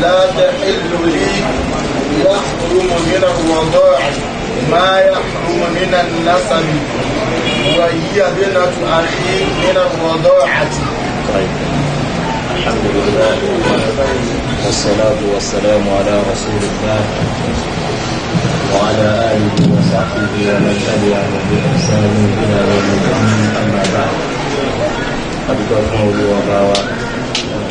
لا تحل لي يحرم من الرضاع ما يحرم من النسب وهي بنة أخي من الوضاعة طيب الحمد لله والصلاة والسلام على رسول الله وعلى آله وصحبه ومن تبعهم بإحسان إلى يوم الدين أما بعد أبدا فضل وبارك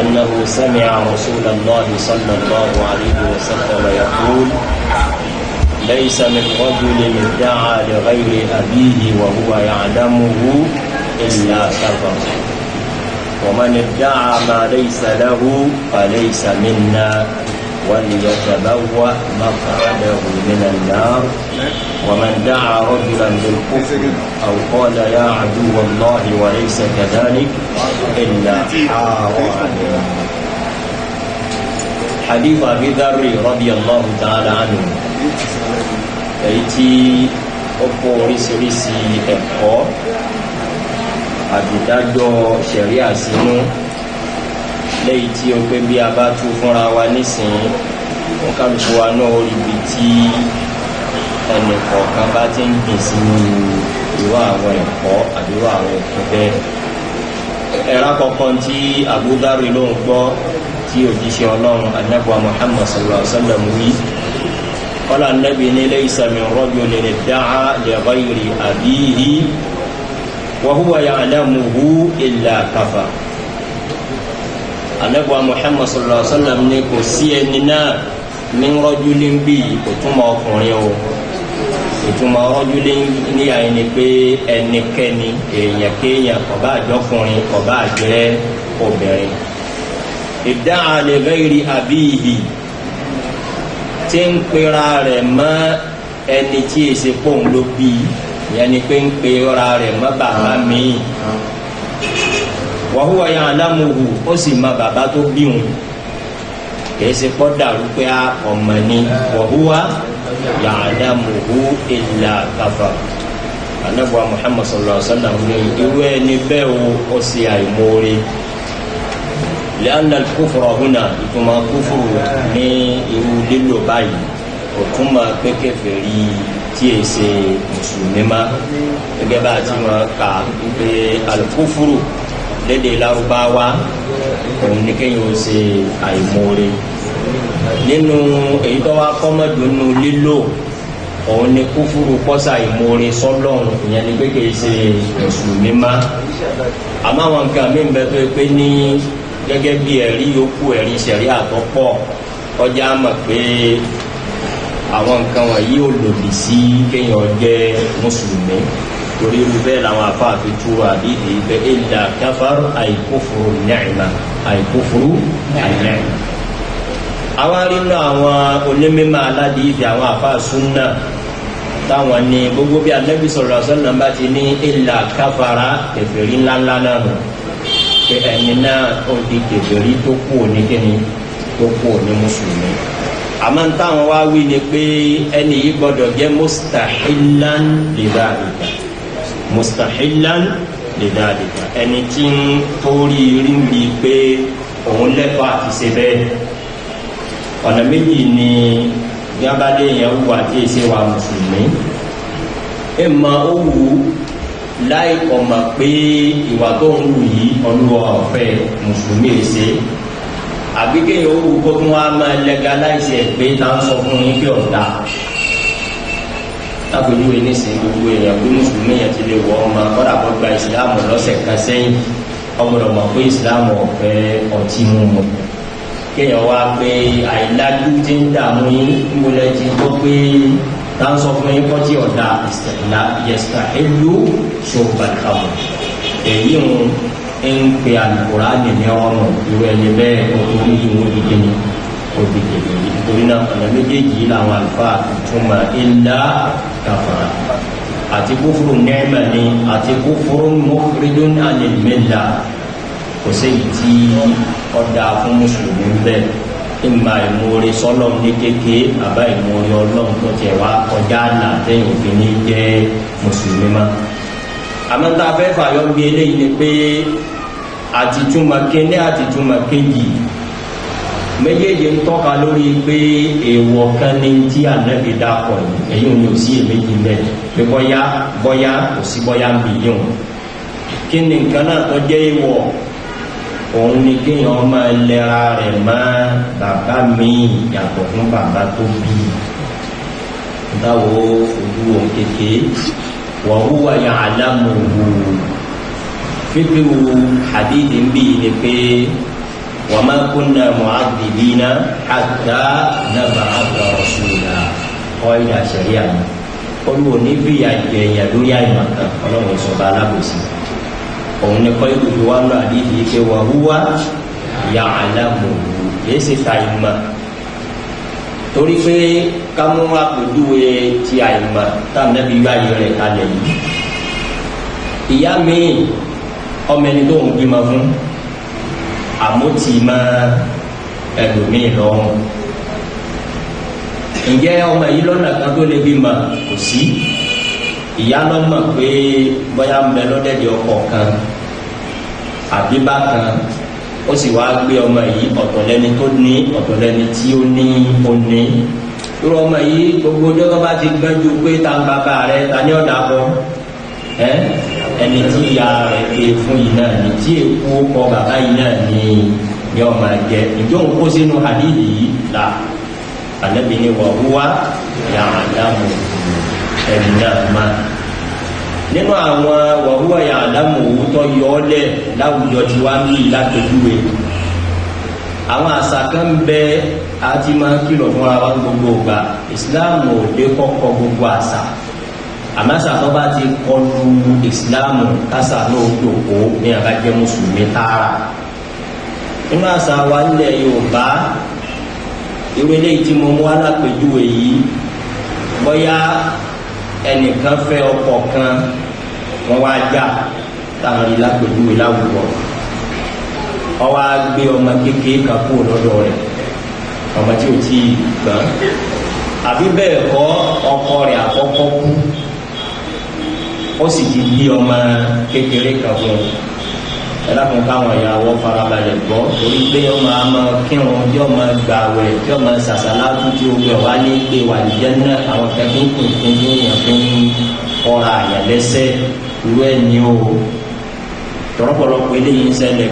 أنه سمع رسول الله صلى الله عليه وسلم يقول ليس من رجل ادعى لغير أبيه وهو يعلمه إلا كفر ومن ادعى ما ليس له فليس منا وليتبوأ مقعده من النار ومن دعا رجلا بالكفر أو قال يا عدو الله وليس كذلك إلا حار حديث أبي ذر رضي الله تعالى عنه أيتي ọ̀pọ̀ oríṣiríṣi ẹ̀kọ́ àdìdájọ́ sẹ̀ríà sínú léyìí tí o pé bí a bá tú fúnra wa nísìnyí wọn kálukú wa náà ó rí ibi tí ẹnì kọ̀ọ̀kan bá ti ń gbìn sínú ìwà àwọn ẹ̀kọ́ àbí ìwà àwọn ẹ̀kọ́ bẹ́ẹ̀ ẹ̀rá kọ̀ọ̀kan tí abudari ló ń gbọ́ tí òjíṣẹ́ ọlọ́run anábọ̀ muhammad sallallahu alaihi wí kọ́lá anábì ní ilé ìsàmì rọ́jò lè lè dáa lè báyìí àbíyí wàhúwà yà àdámuhu ìlà kàfà anabuwa muhammad sallallahu alaihi wa sallam ni kò sí ẹni náà ní rọ́júlé ń bí kò túmọ̀ ọkùnrin o ìtumọ̀ rọ́júlé ní àyè ni pé ẹnikẹ́ni èèyàn kéèyàn kò bá àjọkùnrin kò bá àjẹ́ obìnrin idda'a li ghairi abihi tí ń pera rẹ̀ mọ́ ẹni tí èsì pòun ló bí ìyẹn ni pé ń pera rẹ̀ mọ́ bàbá mi wàhùwà yẹn alámòwò ó sì mọ bàbá tó bí òun kìí ṣe pọ́ dàrú pé a ọmọ ni wàhùwà yẹn alámòwò ìlà bàbá anabuwa muhammad sallallahu alaihi wa sallam ni irú ẹni bẹ́ẹ̀ wo ó sì àìmoore lẹ́yìn kófòrò ọ̀húnà ìtumọ̀ kófòrò ní irú lílo báyìí òtún máa pé kèfèrí tí è ṣe mùsùlùmí má gẹ́gẹ́ bá a ti máa kà pé alukófòrò lédè lárúbáwá òun ni kéèyàn ó ṣe àìmoore nínú èyí tó wá kọ́mọ́dúnú lílò òun ni kúfúrú pọ́sà ìmoore sọ́lọ́run ìyẹn ni pé kìí ṣe mùsùlùmí má àmọ́ àwọn nǹkan mi ń bẹ tó pé ní gẹ́gẹ́ bí ẹ̀rí yòókù ẹ̀rí ṣẹ̀rí àtọ́pọ̀ ọjà mọ̀ pé àwọn nǹkan wọ̀nyí ò lòdì sí kéèyàn jẹ́ mùsùlùmí torí irú bẹ́ẹ̀ làwọn afa fi tú àdídì pé ìlà káfáró àìkófòrò nẹ́ẹ̀mà àìkófòrò nẹ́ẹ̀mà. àwa rí nínú àwọn onímọ̀ aládìífi àwọn afa súnà táwọn ní gbogbo bí alẹ́bí sọ̀rọ̀ sọ́nà bá ti ní ìlà káfárá kẹfẹ́rí ńláńlá náà nù pé ẹni náà ó di kẹfẹ́rí tó kú òní kíni tó kú òní mùsùlùmí àmọ́ táwọn wá wí ni pé ẹni yìí gbọ́dọ̀ jẹ́ mustahilan lè bá àgbà mustahilan lè dáadéka ẹni tí ń torí rírí pé òun lẹ́kọ̀ọ́ àti ṣe bẹ́ẹ̀ ọ̀nà méjì ni gábádé yẹn wù àti èsè wa mùsùlùmí ẹ mọ ó wù láì ọmọ pé ìwà tó ń wù yìí ọlọ́wọ́ ọ̀fẹ́ mùsùlùmí èsè àbíkẹ́yìn ó kó tún wá máa lẹ́gà láìsẹ̀ pé tá à ń sọ fún yín pé ọ̀dà lápẹjú yìí nísìnyí gbogbo èèyàn pé mùsùlùmí yẹn ti lè wọ ọmọ akọ́dà kọ́ gba ìsìláàmù lọ́sẹ̀ kan sẹ́yìn ọmọdé mọ̀ pé ìsìláàmù ọ̀fẹ́ ọtí mú mu kéèyàn wá pé àìlájú ti ń dààmú yín múlẹ̀ ti gbọ́ pé tá ń sọ fún yín kọ́ tí ọ̀dà ìsìlá yẹsà ìlú ṣòbàkàmù èyí ń ń àlùkò ránì ní ọrùn ìwé ẹni bẹ́ẹ̀ ọkùnrin òbí kèfèrí torí náà ọ̀nà méjèèjì làwọn àlùfáà túmọ̀ ilá kàfàrà àti kúfúrú nẹ́ẹ̀mà ni àti kúfúrú mọ́kúrídún àlèmẹ́là kò séyìí tí ọ̀dà fún mùsùlùmí bẹ́ẹ̀ ìmà ìmúre sọlọ́m ní kéke àbá ìmúre ọlọ́m tó tiẹ̀ wá kọjá àlà tẹ́yìn òfin ní jẹ́ mùsùlùmí mọ́ àmọ́ tá a fẹ́ fàyọ́ bí eléyìí ni pé àtìtúmọ̀ kéne àtìtúmọ̀ kéjì méjèèjì ń tọ́ka lórí pé èèwọ̀ kan ní tí ànábì dàpọ̀ ẹ̀yìn òní ò sí èméjì mẹ́ pé bọ́yá bọ́yá kò sí bọ́yá ń bìyàn kí ni nǹkan náà tó jẹ́ èèwọ̀ òun ni kéèyàn máa lẹ́ra rẹ̀ mọ́ bàbá mi yàtọ̀ fún bàbá tó bí dáwọ́ ojú òun kékeré wọ́n wúwa yàn álámù wò fífi wo àdéhìí ń bì ní pé wa ma kunna mu'adhibina hatta nab'atha rasula ọ̀ ìdá sẹ̀ríà ni olùwò ní bí ìyàjẹ̀ èèyàn lórí àìmọ̀ kan ọlọ́run ìsọba alábòsí òun ni kọ́ ìlú wa lọ àdídì pé wà wúwá ìyá aláàmòwò yìí sì ta ìmọ̀ torí pé kámú àpèjúwe ti àìmọ̀ táàmì yọ ayé rẹ̀ kalẹ̀ yìí ìyá mi ọmọ ẹni tó ń bímọ fún àmúti mọ́ ẹlòmíì lọ́rùn ǹjẹ́ ọmọ yìí lọ́nà kan tó lè bí mọ̀ kò sí ìyá lọ́mọ pé bóyá ń bẹ lọ́dẹ̀dẹ̀ ọkọ̀ kan àbí bákan ó sì wá gbé ọmọ yìí ọ̀tọ̀ lẹ́ni tó ní ọ̀tọ̀ lẹ́ni tí ó ní ó ní irú ọmọ yìí gbogbo ọjọ́ tó bá ti gbẹ́jú pé ta bàbá rẹ ta ní ọ̀dà bọ́ ẹ́ ẹni tí ìyá rẹ̀ gbé fún yìí náà ní tí èkó kọ bàbá yìí náà ní ní ọmọ jẹ ìjọ òun kó sínú àdìyí yìí là ànábì ni wà wúwá yà á dáàmú ẹni náà má nínú àwọn wà wúwá yà á dáàmú owó tó yọ ọ lẹ láwùjọ tí wàá ní ìlàkejúwe àwọn àṣà kan bẹ àti máa ń kìlọ̀ fún wa gbogbo ìgbà ìsìláàmù ò dé gbogbo àṣà àmásà tó bá ti kọlu ìsìláàmù kásà náà jòkó ní abájẹ́ mùsùlùmí tààrà nínú àṣà wa ilẹ̀ yorùbá irú eléyìí tí mo mú alápèjúwe yìí bóyá ẹnìkan fẹ́ ọkọ kan wọ́n wá já táwọn rí lápèjúwe láwùjọ wọ́n wá gbé ọmọ kékeré kan kúrò lọ́dọ̀ rẹ̀ ọmọ tí ò tí ì àbí bẹ́ẹ̀ kọ́ ọkọ rẹ̀ àkọ́kọ́ kú ó sì ti bí ọmọ kékeré kan fún un ẹlẹ́kùn káwọn ìyàwó farabalẹ̀ gbọ́ torí pé ọmọ àmọ́ kírun tí ọmọ gbà wẹ̀ tí ọmọ sàṣàlá tuntun ogun ẹ̀ wá ní pé wà ní jẹ́nà àwọn kẹ́kẹ́ kù fún ní èèyàn fún ọ̀rọ̀ àyàn lẹ́sẹ̀ irú ẹ̀ ní o tọ́pọ̀lọpọ̀ eléyìí ń ṣẹlẹ̀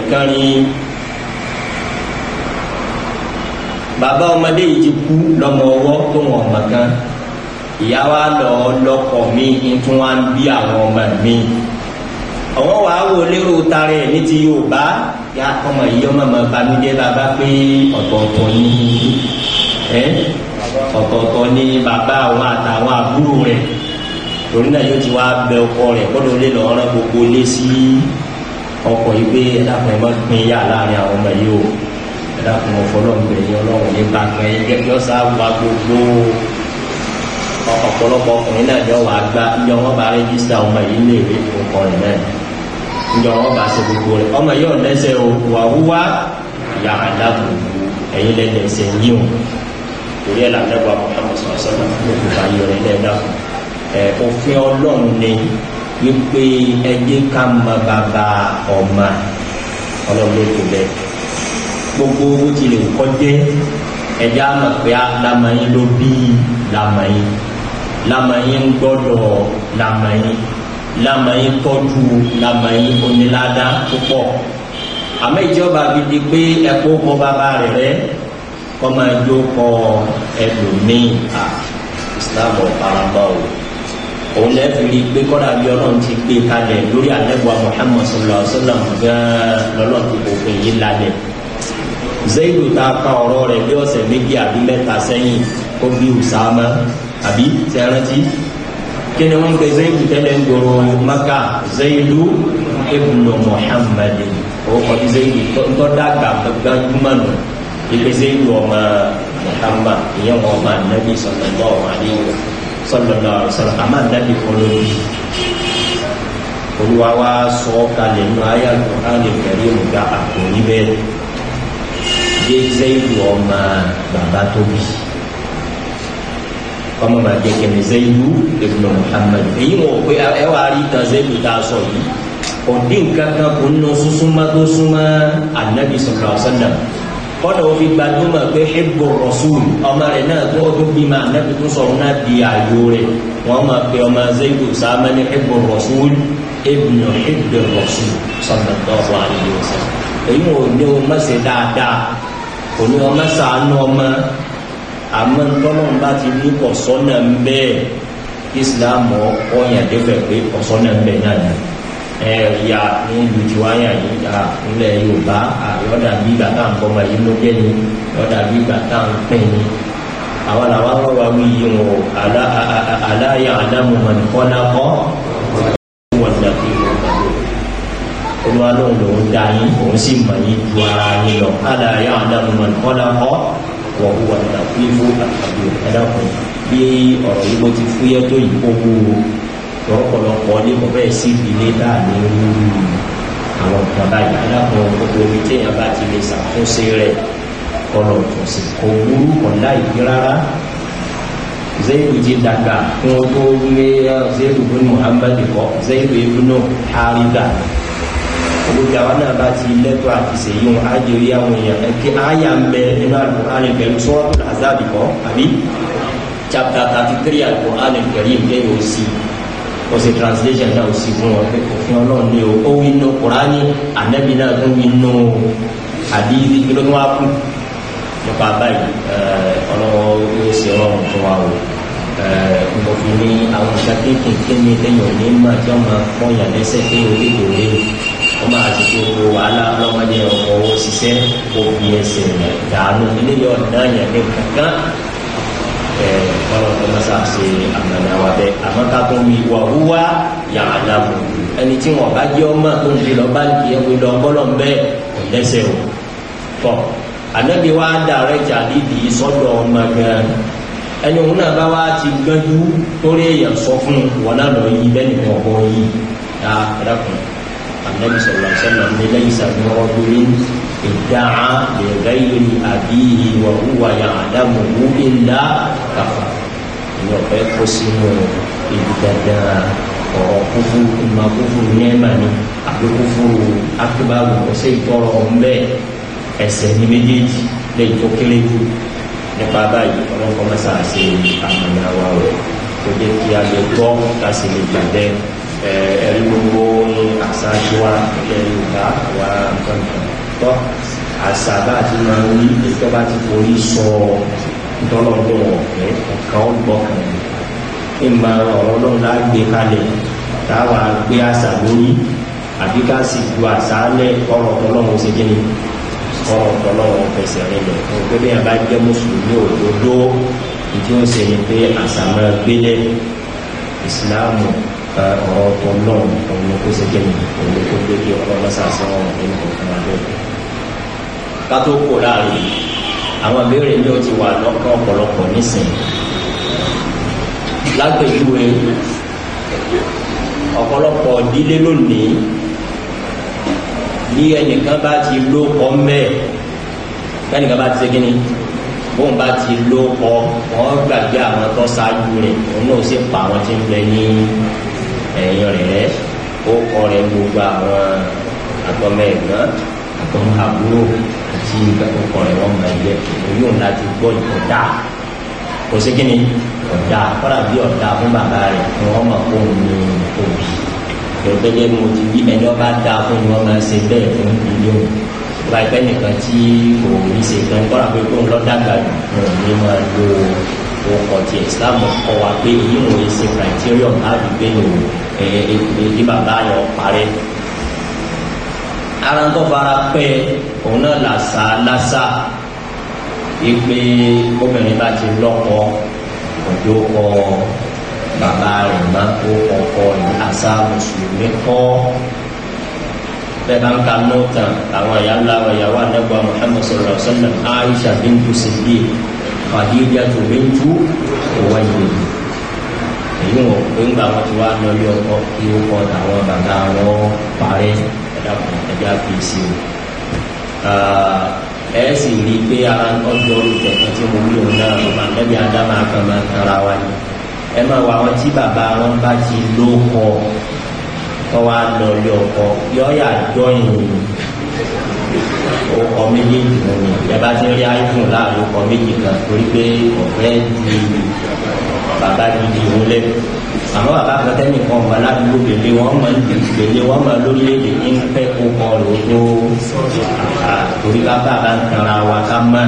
bàbá ọmọdé yìí ti kú lọ́mọ ọwọ́ tó wọn ọ̀mọ̀ kan ìyá wa lọ lọkọ mi tún wá ń bí àwọn ọmọ mi àwọn wàá wo lérò tarẹ ní ti Yorùbá ya ọmọ yìí ọmọ mọ banújẹ́ bàbá pé ọ̀tọ̀ọ̀tọ̀ ni ẹ ọ̀tọ̀ọ̀tọ̀ ni bàbá àwọn àtàwọn àbúrò rẹ̀ torí náà yóò ti wá bẹ ọkọ rẹ̀ kọ́dọ̀ lè lọ rán gbogbo lé sí ọkọ yìí pé ẹ̀dàkùn ẹ̀ má pin yà láàrin àwọn ọmọ yìí o ẹ̀dàkùn ọ̀fọ́ lọ́nbẹ̀ẹ́ yọ lọ́wọ́ ní bàtà yọ sá wà gbogbo ọ̀pọ̀lọpọ̀ ọkùnrin náà yọ wà gba yọ wọn bá rẹ́gísítà ọmọ yìí lè rí ọkọ rẹ̀ náà yọ wọn bá ṣe gbogbo rẹ̀ ọmọ yìí ò lẹ́sẹ̀ o wà wúwá ìyá àdàbò ẹ̀yin lẹ́nu ẹsẹ̀ yìí o torí ẹ̀ làdàbò àkọ́kọ́ sọ̀rọ̀ lókùnfà yìí rẹ̀ lẹ́dà ẹ̀ òfin ọlọ́run ni wípé ẹjẹ́ ká mọ bàbá ọmọ ọlọ́run ló bẹ́ẹ̀ gbogbo bó tilẹ̀ kọjẹ́ ẹjẹ́ àmọ̀ pé àlámọ̀ yín ló bí làmọ̀ yín lamɛyin gbọ́dọ̀ lamɛyin lamɛyin tọ́jú lamɛyin onílada púpọ̀ àmọ́ ìjọba bi di pé ẹkó kó bàbá rẹ̀ rẹ̀ kọ́mọ ẹjọ́ kọ ẹlòmíì à islam ọ̀paraba o òun lẹ́ fi ri pé kọ́dà bí ọlọ́run ti gbé kalẹ̀ lórí àlẹ́bùa muhammed sallallahu alayhi wa sallam gan-an lọ́lọ́run ti kò pè yí lálẹ́ zayidu ta ka ọ̀rọ̀ rẹ̀ bí ọ̀sẹ̀ méjì àbí mẹ́ta sẹ́yìn kó bí usama àbí ṣe rántí kí ni wọ́n pe zayidu tẹ́lẹ̀ ń gbòòrò maka zayidu ibnu muhammad o kọ́ni zayidu tó dàgbà gbajúmọ̀nù ipe zayidu ọmọ muhammad ìyẹn wọn ọmọ anabi sallallahu alaihi sallallahu alaihi wasallam àmọ́ anabi kọ́lọ́bì olúwa wa sọ kalẹ̀ nínú ayé alukóhánì kẹrin ìmùgá àkòrí bẹ́ẹ̀ zayidu ọmọ bàbá tóbi kọ́mọ máa jẹ kẹmẹ zayidu ibn muhammad èyí wọn pé ẹ wà á rí tan zayidu tá a sọ yìí ọdín kankan kò ń lọ súnmọ́ tó súnmọ́ anabi sọ̀rọ̀ sọ́dà kọ́nà òfin gbajúmọ̀ pé hibbu rasul ọmọ rẹ̀ náà tó ọdún bíi máa anabi tó sọ̀rọ̀ náà di ààyò rẹ̀ wọ́n máa pe ọmọ zayidu sáámẹ́ ní hibbu rasul ibn hibbu rasul sọ̀rọ̀ tó wà ní ìwòsàn èyí wọn ò ní o mọ̀ sí dáadáa kò ní o mọ̀ sàánú ọmọ àmọ́ tọ́lọ́run bá ti ní kọ̀sọ́nà ń bẹ́ẹ̀ Islam ọ̀yàn débẹ̀ pé kọ̀sọ́nà ń bẹ́ẹ̀ náà ni ẹ̀yà ní ìlú tiwáyà yìí ta ilẹ̀ Yorùbá àyọ̀dà bí ìgbà tá à ń bọ́mọ yìí ló jẹ́ ni yọ̀dà bí ìgbà tá à ń pín ni àwọn làwọn ọ̀rọ̀ wa wí yìí wọn aláyà alámùmọ̀ nìkan náà kọ́ olúwa lóun lòun dá yín òun sì mọ̀ yín ju ara yín lọ aláyà alámùmọ̀ nìkan náà kọ́ wọ̀ wọ̀ nígbà fún ifo àtàbí ẹ̀dàkùn bí ọ̀rọ̀ yìí mo ti fúyẹ́ tó yìí kó wú o lọ́pọ̀lọpọ̀ ní mo bẹ́ẹ̀ sí ìdílé láàmì wúwú àwọn nǹkan báyìí ẹ̀dàkùn gbogbo omi téèyàn bá ti lè ṣàtúnṣe rẹ̀ kọlọ̀ tọ̀sí kò wúrú kọ̀ láì rárá zayidu ti dàgbà kí wọ́n tó wúlé zayidu bin muhammad kọ zayidu ibn harida gbogbo àwọn náà bá ti lẹ́tọ̀ àti ṣèyí wọn ájò rí àwọn èèyàn kí àyà ń bẹ nínú Al-Qur'an pẹ̀lú sọ́ọ̀tù Ahzab kọ́ àbí chapter thirty three Al-Qur'an pẹ̀lú ìgbẹ́ yóò sí kò translation náà sí fún wọn pé òfin ọlọ́run ni o wí nù Kùránì ànábì náà tún wí nù àbí kí ló tún wá kú nípa báyìí eh, ọlọ́wọ́ yóò ṣe ọlọ́run fún wa o eh, mo fi ní àwọn ìṣàkéèké kí ni lẹ́yìn òní mà tí wọ́n máa pọ́nyà lẹ́sẹ̀ pé orí kò léwu ọmọ àtúntò owó wàhálà lọ́mọdé ọkọ̀ owó ṣiṣẹ́ òbí ẹsẹ̀ rẹ̀ dànù nílé ọ̀nà yẹn ní kankan ẹ̀ ọ̀rọ̀ tó máa ṣàṣe àmàlà wa bẹ́ẹ̀ àmọ́ ká tó mi wà wúwá yàrá dàbò ẹni tí wọn bá jẹ́ ọmọ tó ń di lọ báńkì ẹ̀ wí lọ bọ́lọ̀ ń bẹ́ẹ̀ kò lẹ́sẹ̀ o tọ́ ànábi wa dàrẹ́tì àdìdì sọ́dọ̀ ọmọ gan ẹni òun náà bá wa ti gbẹ́jú torí èèyàn sọ fún wọn náà lọ yí bẹ́ẹ̀ nìkan ọ̀bọ yìí dá ẹ̀dá kan. النبي صلى الله عليه وسلم ليس برجل ادعى لغير أبيه وهو يعلمه إلا كفر ìyọ̀ fẹ́ kó sínú ìdìdàdà ọ̀rọ̀ kúfú ìmọ̀ kúfú nẹ́ẹ̀mà ni àbí kúfú akébáwò ọ̀sẹ̀ ìtọ́rọ̀ ọ̀hún bẹ́ẹ̀ ẹsẹ̀ ní méjèèjì lẹ́yìn tó kéré jù nípa báyìí ọlọ́kọ́ mẹ́sà ṣe àmàlà wa rẹ̀ tó jẹ́ kí a lè gbọ́ ká sì lè gbàgbẹ́ ẹ̀rí gbogbo ṣáájú wa ilẹ̀ yorùbá wa kankan tọ́ àṣà bá ti máa ń wí ètò bá ti forí sọ tọ́lọ́dún ọ̀fẹ́ nǹkan ọgbọ́kàn ní ma ọ̀rọ̀ ọlọ́run lá gbé kalẹ̀ táwa gbé àṣà lórí àbí ká sì ju àṣà lẹ̀ ọ̀rọ̀ tọ́lọ́run ṣe kíni ọ̀rọ̀ tọ́lọ́run fẹsẹ̀ rinlẹ̀ òkú bí yàrá jẹ́ mùsùlùmí òdodo ìdí ó ṣe ni pé àṣà máa gbélé ìsìláàmù ọ̀rọ̀ tó náà òun ló kó ṣe jẹ́mi òun ló kó gbé kí ọlọ́mọ sàṣẹ ọ̀rọ̀ nínú ọ̀kan abẹ́ ká tó kó láàrin àwọn ìbéèrè ní o ti wà lọ́kàn ọ̀pọ̀lọpọ̀ nísìn lágbèjúwe ọ̀pọ̀lọpọ̀ dílé lónìí bí ẹnìkan bá ti ló kọ́ mẹ́ẹ̀ kẹ́nìkan bá ti ṣe kínní bóun bá ti ló kọ́ wọ́n gbàgbé àwọn tó ṣáájú rẹ̀ òun náà sì pa àwọn tí ń bẹ ní ẹ̀yìn rẹ̀ ó kọ́ rẹ̀ gbogbo àwọn àtọ́mẹ́ẹ̀gbọ́n àtọ́mọ́àbúrò àti ìgbàkọ̀kọ̀ rẹ̀ wọ́n mọ ẹ̀yẹ yóò láti gbọ́ ìkọ̀dá kò sí kíni ọ̀dà kọ́dà bí ọ̀dà fún bàbá rẹ̀ ni wọ́n mọ̀ kó ní òbí lọ́gbẹ́jẹ́ mo ti wí ẹni ọba da fún ni wọ́n máa ṣe bẹ́ẹ̀ fún ilé òun ìgbà ìpẹ́ nìkan tí kò ní ṣe kan kọ́dà pé kó ń lọ́ dàgbà jù ní máa lo ọkọ̀ ti Islam kọ́ wa pé èyí wọ̀nyí criteria láti gbé ní òun èyí bàbá yẹn parẹ́ arantọ fara pẹ́ òun náà làṣà làṣà ìpè obìnrin bá ti lọ́kọ òjò kọ bàbá rẹ̀ máa kó ọkọ rẹ̀ àṣà mùsùlùmí kọ́ bẹ́ẹ̀ bá ń ka nọ́ọ̀tàn àwọn ìyá ńlá wa ìyàwó àdẹ́gbà èyí wọn pé ńgbà wọn ti wá lọ yọ ọkọ kí ó kọ tàwọn bàbá wọn parẹ ẹdàkùn ẹdá fi sí o ẹ sì rí i pé ara ọjọ́ olùkẹ́kẹ́ tí mo wúlò náà mo máa lẹ́bi adama kan máa ń tara wa ni ẹ máa wọ àwọn tí bàbá wọn bá ti ló kọ kọ́ wa lọ yọ ọkọ yọ yà jọ ìròyìn ọkọ méjì nìyẹn yẹ bá ti rí iphone láàrin ọkọ méjì kan torí pé ọ̀fẹ́ ti bàbá gidi wo lẹ àmọ́ bàbá kan tẹ́nì kan ọmọ aládùúgbò bèbè wọn mọ bèbè wọn mọ lórílẹ̀-èdè ní pẹ́ kó kọ ló tó torí bàbá bá ń tanra wa ká mọ́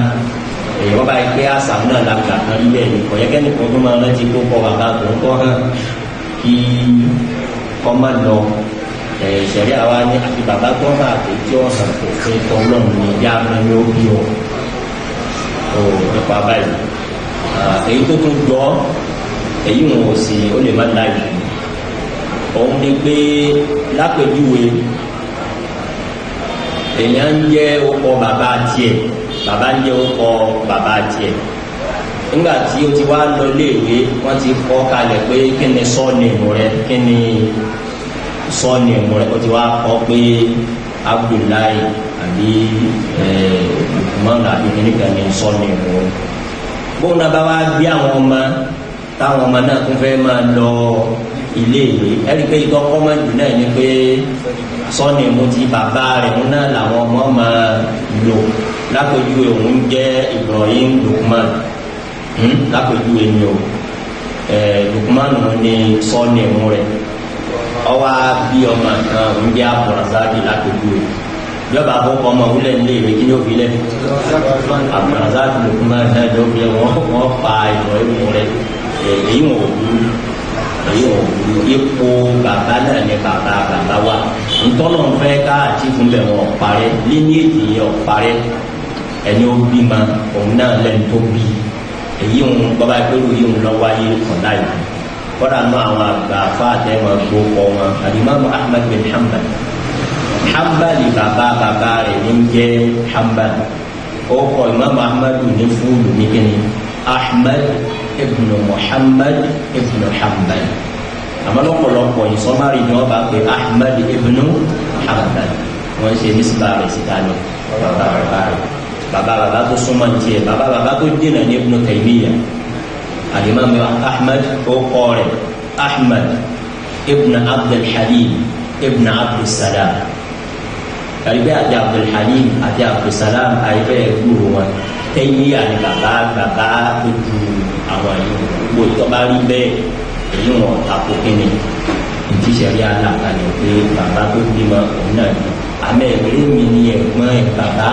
èyí wọ́n bá yẹ pé àṣà náà la gbà kan lílẹ̀ nìkan yẹ kẹ́nì kan tó máa rántí kó kọ bàbá tó ń kọ́ hàn kí kọ́ má lọ ìṣẹ̀rí àwa ní àti bàbá tó máa tó tí ó hàn fẹ́ tọ́ lọ́nà ní ìyá mi ní ó bí ọ nípa báyìí èyí tó tún gbọ́ èyí wọn ò sì ó lè má la yìí òun ni pé lápèjúwe èèyàn ń jẹ́ ọkọ bàbá oti bàbá ń jẹ́ ọkọ bàbá tiẹ̀ nígbà tí o ti wá lọ léèwé wọ́n ti kọ́ kalẹ̀ pé kí ni sọ́ọ̀nìmù rẹ kí ni sọ́ọ̀nìmù rẹ o ti wá pé Abdullahi àbí táwọn ọmọ náà tún fẹ́ máa lọ ilé ìwé ẹ̀rí pé ikọ́ kọ́mọ̀dù náà ni pé sọ́ni mo ti bàbá rẹ̀ mo náà làwọn ọmọ máa lò lápèjúwe òun jẹ́ Ibrahim Lukman hmm? lápèjúwe ni o Lukman ni sọ́ni mu rẹ̀ ọwọ́ bí ọmọ kan òun jẹ́ àbọ̀ràsáàdì lápèjúwe jọba àkókò ọmọ wúlẹ̀ nílé ìwé kí ni ó fi lẹ̀ àbọ̀ràsáàdì Lukman náà jọ bí wọn pa ìrọ̀ ìmú èyí wọn ò burú èyí wọn ò burú ipò bàbá náà ni bàbá bàbá wa ntọ́nà fẹ́ ká àti ìfúnbẹ̀ wọn ọ̀parẹ́ líníèdì yẹn ọ̀parẹ́ ẹni ó bí ma òun náà lẹ́nu tó bí èyí wọn bàbá ìpérò yìí wọn lọ wáyé ọ̀la yìí kọ́dà bin hanbal hanbal bàbá bàbá rẹ̀ ní jẹ́ hanbal ó kọ́ imam ahmed ní fúlù ní kíni ibnu muhammad ibnu hanbal àmọ́ lọ́pọ̀lọpọ̀ ìsọmárì ni wọ́n bá pe ahmed ibnu hanbal wọ́n ṣe nísìbà rẹ̀ síta lọ bàbá bàbá rẹ̀ bàbá bàbá tó súnmọ́ tiẹ̀ bàbá bàbá tó dènà ní ibnu taymiya alimami ahmed ó kọ́ rẹ̀ ahmed ibnu abdulhalim ibnu abdulsalam àrígbẹ́ àti abdulhalim àti abdulsalam àrígbẹ́ ẹ̀gbúrú wọn tẹ́yíyà ni bàbá bàbá tó ju àwọn yìí gbogbo ìtọ́ba rí bẹ́ẹ̀ èyí wọn tako kíni ìdíṣẹ́rí alákalẹ̀ pé bàbá tó bímọ òun náà ni àmọ́ ìwé mi ni ẹ̀gbọ́n ẹ̀ bàbá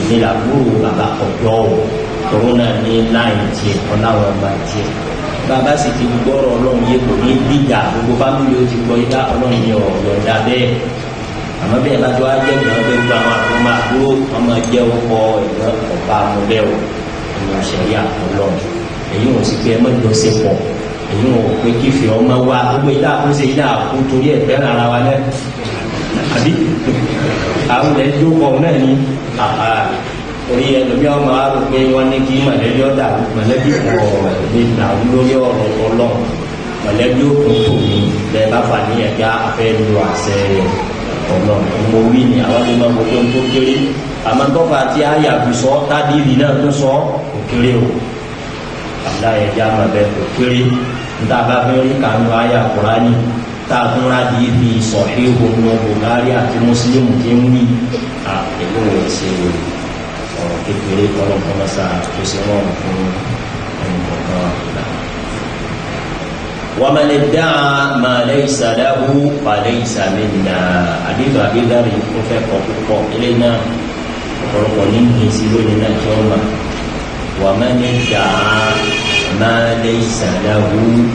ìlera kúrò bàbá ọ̀dọ́ ò tòun náà ní láì tiẹ̀ kan láwọn ọmọ tiẹ̀ bàbá sì ti gbọ́rọ̀ ọlọ́run yẹ kò ní dídà gbogbo fámìlì ó ti gbọ́ yíká ọlọ́run yẹ ọ̀yọ̀dà bẹ́ẹ̀ àmọ́ bí bá tó wá jẹ́ ìgbà pé gbogbo àwọn àtúntò máa dúró wọ́n máa jẹ́ ìgbà ọ̀pá mu o ìyẹn ṣẹ̀rí àkọlọ́ èyí wọn sì pé ẹ mọ́jọ ṣe pọ̀ èyí wọn pé kí fi ọmọ wa gbogbo ìdá àkóso ìdá àkó torí ẹ̀fẹ́ ara wa lẹ́ àbí àwọn ilẹ̀ tó kọ̀ náà ni orí ẹlòmíà ọmọ wa rò pé wọ́n ní kí mọ̀lẹ́bí ọ̀dà mọ̀lẹ́bí ọ̀rọ̀ ní ìdààmú lórí ọ̀rọ̀ ọlọ́run mọ̀lẹ́bí òkun tòun bẹ́ẹ̀ bá fà ní ẹ̀gá afẹ́ lu àṣẹ rẹ̀ ọ̀nà mo wí ni àwọn ẹni máa gbogbo tó kéré àmọ́ tọ́fà tí a yà fi sọ tábìlì náà tó sọ kò kéré o àdáyẹ jẹ́ àmọ́ bẹ́ẹ̀ kò kéré níta bá fẹ́ rí kànú àyà kúránì tá a kúnra di ibi ìsọ̀rí ohun Buhari àti mùsùlùmí tí ń wí à èlò ìṣe ọ̀rọ̀ kékeré ọlọ́pàá mọ́sá tó ṣe rọrùn fún un. ومن ادعى ما ليس له فليس منا حديث ابي ذر وفق الينا وفرق منه سيرون الجومة ومن ادعى ما ليس له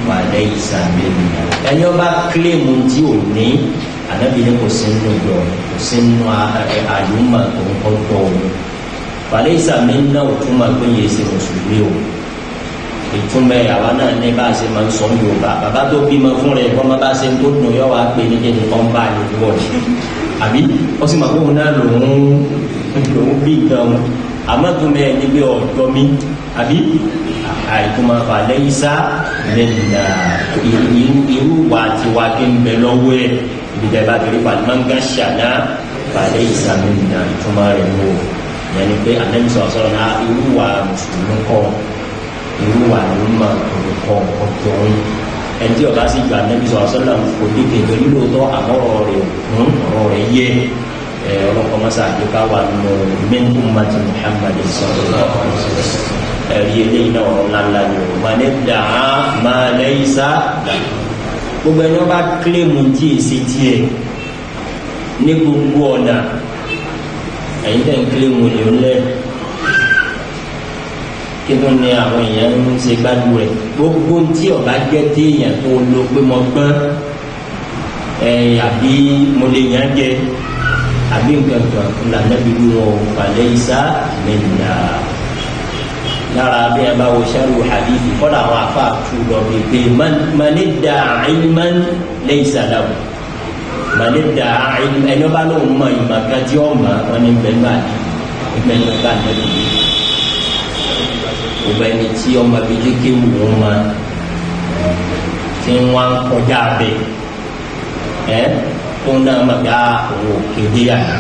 فليس منا ẹni ọba kílèmù tí ò ní ànábìyẹn kò sí nínú ìjọ kò sí nínú àyùmọ̀ òun kọ́ gbọ́ òun fàlẹ́ ìsàmì náà ò túmọ̀ pé yẹn ṣe mùsùlùmí o ìtumẹ̀ àwa náà ní bá a ṣe máa ń sọ yorùbá bàbá tó bímọ fún rẹ kọ́ ma bá a ṣe ń tó dùn yọ wá pé ní kéde kan bá a lè wọ̀ ní. àbí ó sì máa kóhun náà lòun lòun bí gan o àmọ́ tó mẹ́ ẹni pé ọ̀dọ́ mi àbí àìkúmọ̀ àfàlẹ́ isá lẹ́yìnà irú wa ti wá kí n bẹ lọ́wọ́ ẹ̀ ìdíjà ìbá torí pàtàkì ṣàná àfàlẹ́ isá lẹ́yìnà ìtumọ̀ rẹ̀ wò yẹn ni pé àlẹ́ mi sọ̀rọ̀ sọ̀rọ̀ náà irú wa mùsùlùmí kọ́ irú wà ló mọ olùkọ́ ọjọ́ yìí ẹtí ọba sì ju anabi sọ asọlá kò ní kéde lóòótọ́ àmọrọ rẹ òkun ọ̀rọ̀ rẹ yẹ ẹ ọlọpàá mọsà àjọká wà nù mẹńtù mati muhammad sọlá ẹrí eléyìí náà ọ̀rọ̀ ńláńlá ni o mà ní dàá má lẹ́yìn sá gbogbo ẹni wọn bá kílèmù tí èsì tiẹ̀ ní gbogbo ọ̀nà ẹ̀yin tẹ̀ ń kílèmù ni ó lẹ́yìn inú ni àwọn èèyàn ń ṣe gbádùn rẹ̀ gbogbo tí ọba jẹ́ téèyàn tó lo pé mo gbọ́n àbí mo lè yàn jẹ àbí nǹkan kan lànà bíbí wọn ò falẹ̀ ìsá mẹ́lìlá lára bí a bá wo sáré hadithi kọ́lá àwọn afa tu lọ bí pé mani da ilman laysa lahu mani da ilman ẹni bá lóun mọ ìmọ̀ kan tí wọn ni bẹ́ẹ̀ bá ní bẹ́ẹ̀ bá ní gbogbo ẹni tí ọmọ abidjan kéwù wọn ma tí wọn kọjá abẹ ẹ tó náà ma gba òwò kéde àná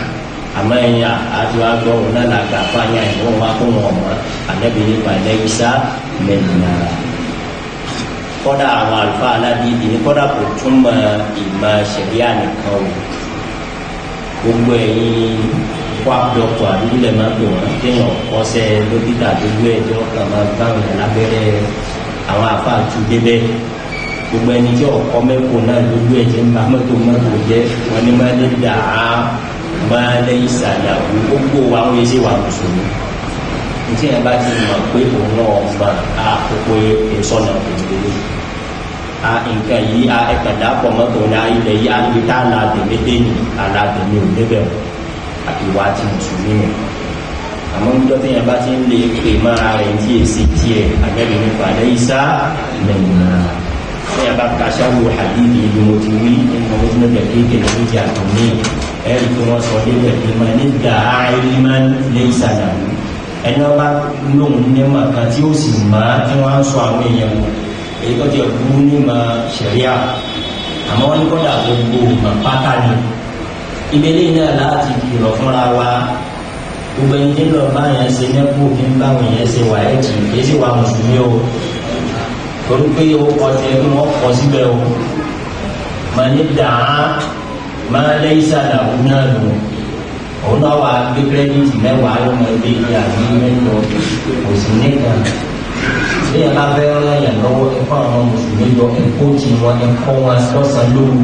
àmọ́ ẹ̀yin àti wàá gbọ́ òun náà làgbà fáyà ẹ̀ wọ́n wá kó wọn mọ́ àdẹ́bí nípa ẹ̀dẹ́gbẹ́sá mẹ́lìlára kọ́dà àwọn àlùfáà aládìídì ní kọ́dà kò túmọ̀ ìmọ̀ ṣẹ̀ríà nìkan o gbogbo ẹ̀yin kó àdọ̀tọ̀ àdúgbò máa ń pè wọ́n kéèyàn ọ̀sẹ̀ dókítà àdúgbò ẹ̀ tí wọ́n kàn máa bá wọn lábẹ́rẹ́ àwọn àfa àtúndé bẹ́ẹ̀ gbogbo ẹni tí ọkọ mẹ́kọ náà dúdú ẹ̀ ti ń ba mọ́tò mọ́tò jẹ́ wọn ni máa lè dà á máa lè ìsàlẹ̀ àwọn gbogbo wa ń yẹsẹ̀ wà mùsùlùmí ntí yẹn bá ti mọ̀ pé òun náà mọ̀ á kókó ìsọ̀nà òdòdó a e nǹkan yìí a ẹ̀kàdà pọ̀ mọ́tò náà ilẹ̀ yìí a e lè tá a la tèmi dé ni a la tèmi ò débẹ̀ o àti wá ti mùsùlùmí nù àmọ́ níjọ́ tí yẹn bá ti ń lè pè mára rẹ̀ tí èsì tiẹ̀ àgbẹ̀bí nípa alẹ́ ìsá mẹ́yìnà tí yẹn bá ka sáwọ́ àdìbì ìlú mo ti wí nínú ọdún mẹ́tẹ̀ kéèké ní ìdí àtúnmí ẹ̀rí tí wọ́n sọ dé bẹ̀ pé máa nígbà àárín máa ń lé ìsàdà ẹni wọn bá lóhun ní mà kan tí ó sì máa tí wọ́n á sọ àwọn èèyàn wò èyí tó ti ẹ̀ ní mà ṣẹ̀ríà àmọ́ wọn ní kọ́dà ìbílẹ̀ náà láti kìlọ̀ fúnra wa gbogbo ẹni tí ń lọ bá yẹn ṣe nẹ́kù kí ń báwọn yẹn ṣe wà ẹ̀ jì kì í sì wà mùsùlùmí o torí pé o kọ sí ẹni wọn kọ síbẹ̀ o mà ní dàá má lẹ́yìn sàdà òun náà lò òun náà wà gbé kírẹ́dìtì mẹ́wàá ló mọ ibi ní àbí mẹ́tọ́ kò sí nìkan bí ẹ bá fẹ́ rán yàn lọ́wọ́ ẹ̀kọ́ àwọn mùsùlùmí lọ ẹ̀kọ́ tí wọn ẹ̀kọ́ wọn sọ́sàn lóru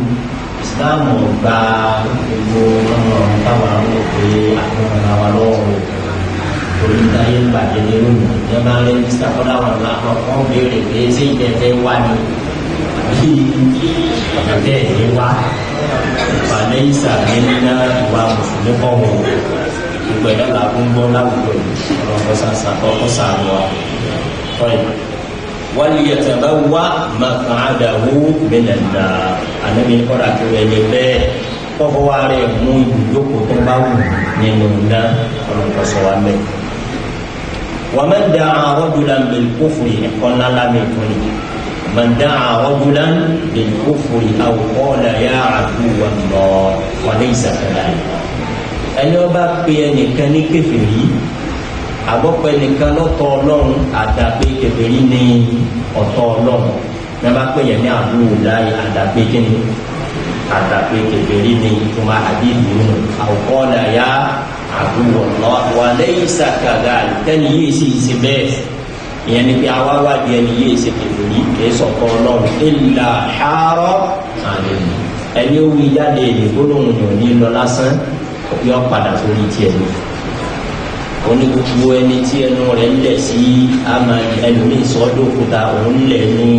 ìsìláàmù gba gbogbo ọlọ́run táwọn àwọn òkè àwọn ọ̀nà lọ́wọ́ torí táyé ń ní lónìí ìjọba máa ń rí mísítà kọ́lá lápá wọn béèrè pé ṣé ìjẹ́fẹ́ wà ní àbí ìjẹ́ ìjẹ́ wá ìpàdé ìsàlẹ̀ nínú ìwà mùsùlùmí kọ́ wọn gbogbo láwùjọ ọ̀rọ̀ ọ̀sán sàkọ́kọ́ sàlùwà wàlíyàtàbáwá màkàdàwó mẹ́nàdà ànábi kọ́ra tó rẹ̀ ní bẹ́ẹ̀ kọ́kọ́ wa rẹ̀ mú ìdókòó tó bá wù nínú iná ọlọ́kọ̀sọ wa mẹ́. wàmẹ́ da àrọ́dúnlá mẹ́lìkófòrì ẹ̀kọ́ ńlá lámì tó ní mẹ́ da àrọ́dúnlá mẹ́lìkófòrì àwòkọ́ ọ̀làyà àdúgbò lọ wà ní ìsàkàlà yìí. ẹni ọba pe ẹnìkan ní kẹfìrí àbọ̀pọ̀ ẹnìkan lọ́tọ̀ ọlọ́run àdàgbé kẹfẹ́rí ní ọ̀tọ̀ ọlọ́run ní a bá pè yẹn ní àbúrò láyé àdàgbé kíni àdàgbé kẹfẹ́rí ní ìtumọ̀ àdìgbò nù àwòkọ́lá yá àbúrò lọ wà lẹ́yìn sàkàgà tẹ́ni yìí sì ṣe bẹ́ẹ̀ ìyẹn ni pé àwa wá di ẹni yìí ṣe kẹfẹ́rí kìí sọ̀tọ̀ ọlọ́run ìlà àárọ̀ ẹni ó wí jáde ìgbólóhùn yòó yọ oní gbogbo ẹni tí ẹnu rẹ̀ ń lẹ̀ sí ama ẹlòmíì sọ́dọ̀ òkúta òun lẹ̀ ní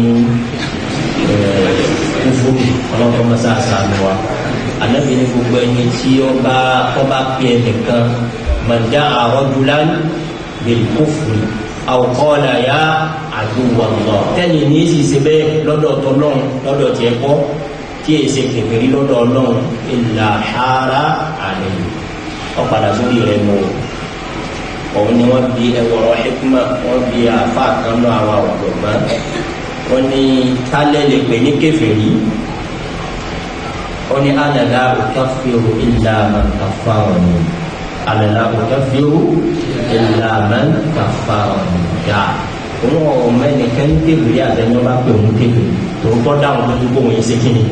kúfúrú ọlọ́kọ́ mọ́sá sànù wa anabi ní gbogbo ẹni tí ọba ọba pè é nìkan mọ̀dá àrọ́dúlán bil kufri aw qala ya aduwallah tẹ́lẹ̀ ní sì ṣe bẹ́ẹ̀ lọ́dọ̀ tọ́lọ́run lọ́dọ̀ tiẹ̀ kọ́ tí èyí ṣe kẹfẹ́rí lọ́dọ̀ ọlọ́run ìlà ara àlẹ́ ọ̀padà sórí rẹ̀ mọ́ o òun ni wọ́n bi ẹ̀wọ̀rọ̀ hikma wọ́n bi afa kan lọ àwọn àwùjọ mọ́ wọ́n ní tálẹ̀ lè pè ní kèfèrí wọ́n ní alẹ́lá òkàfíò ìlànà kàfà ọ̀nì alẹ́lá òkàfíò ìlànà kàfà ọ̀nì yá òun ọ̀ mẹ́nìkan ní kèfèrí àtẹnudọ́ bá pè òun kèfèrí tòótọ́ dáhùn tó dúpọ̀ òun ṣe kíni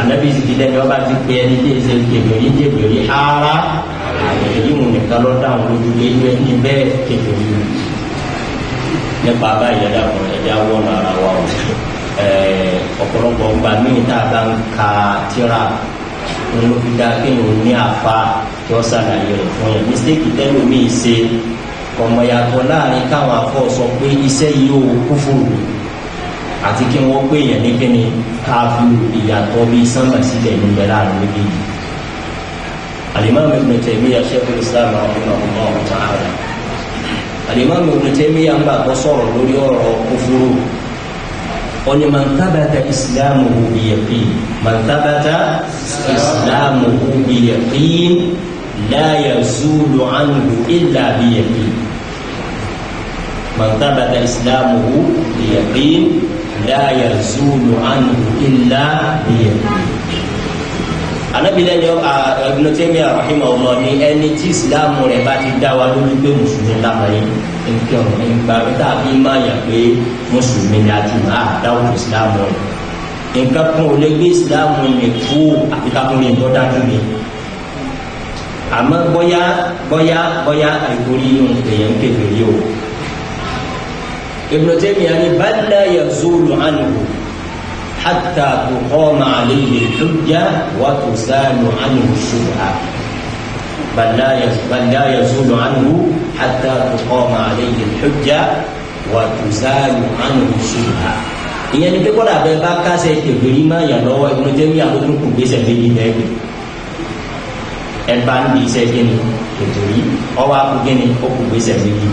ànábìsí ti dẹ́ni wọ́n bá ti pè ẹni tí èsè kèfèrí kèfèrí ara èyí wọn nìkan lọ dá àwọn lójú pé ilé ní bẹ́ẹ̀ kéde mi nípa báyìí ẹ̀dá kan ẹ̀dá wọ́n ara wa o ọ̀pọ̀lọpọ̀ gba míì tá a bá ń ka tíra ló fi dá kéèyàn ní àfa kí wọ́n ṣàlàyé rẹ̀ fún yẹn mistake tẹ́lẹ̀ mi ṣe kọ̀mọ̀yàtọ̀ láàrin káwọn afọ sọ pé iṣẹ́ yìí ó kú fún mi àti kí wọ́n pè yẹn ní kíni káfíù ìyàtọ̀ bíi sánmà sílẹ̀ níbẹ̀ láàrin méjèèjì. الإمام ابن تيمية شيخ الإسلام رحمه الله تعالى الإمام ابن تيمية أما بصر لوريور كفر أن من ثبت إسلامه بيقين من ثبت إسلامه بيقين لا يزول عنه إلا بيقين من ثبت إسلامه بيقين لا يزول عنه إلا بيقين anábìlẹ̀ ni Ibn Taymiyyah rahimahullah ni ẹni tí ìsìláàmù rẹ̀ bá ti dá wa lórí pé mùsùlùmí lára yìí nǹkan ọ̀rọ̀ nípa tá a fi máa yà pé mùsùlùmí ni a ti máa dáwọ́ ìsìláàmù rẹ̀ nǹkan kan ò lè gbé ìsìláàmù rẹ̀ kú àti kákùnrin tó dájú ni àmọ́ bóyá bóyá bóyá àìkórí èèyàn kékeré o Ibn Taymiyyah ni bal la yazulu anhu حتى تقام عليه al-hujja عنه tuzalu بل لا bal la yazulu anhu hatta tuqama alayhi al-hujja wa tuzalu anhu shubha ìyẹn ni pé kọ́dà bẹ́ẹ̀ bá kásẹ̀ kẹgbẹ́rì máa yàn lọ́wọ́ ẹnu tẹ́wé àbójútó gbèsè méjì bẹ́ẹ̀ gbé ẹ̀bá ń bí iṣẹ́ gíní nítorí ọwọ́ akú gíní ó kù gbèsè méjì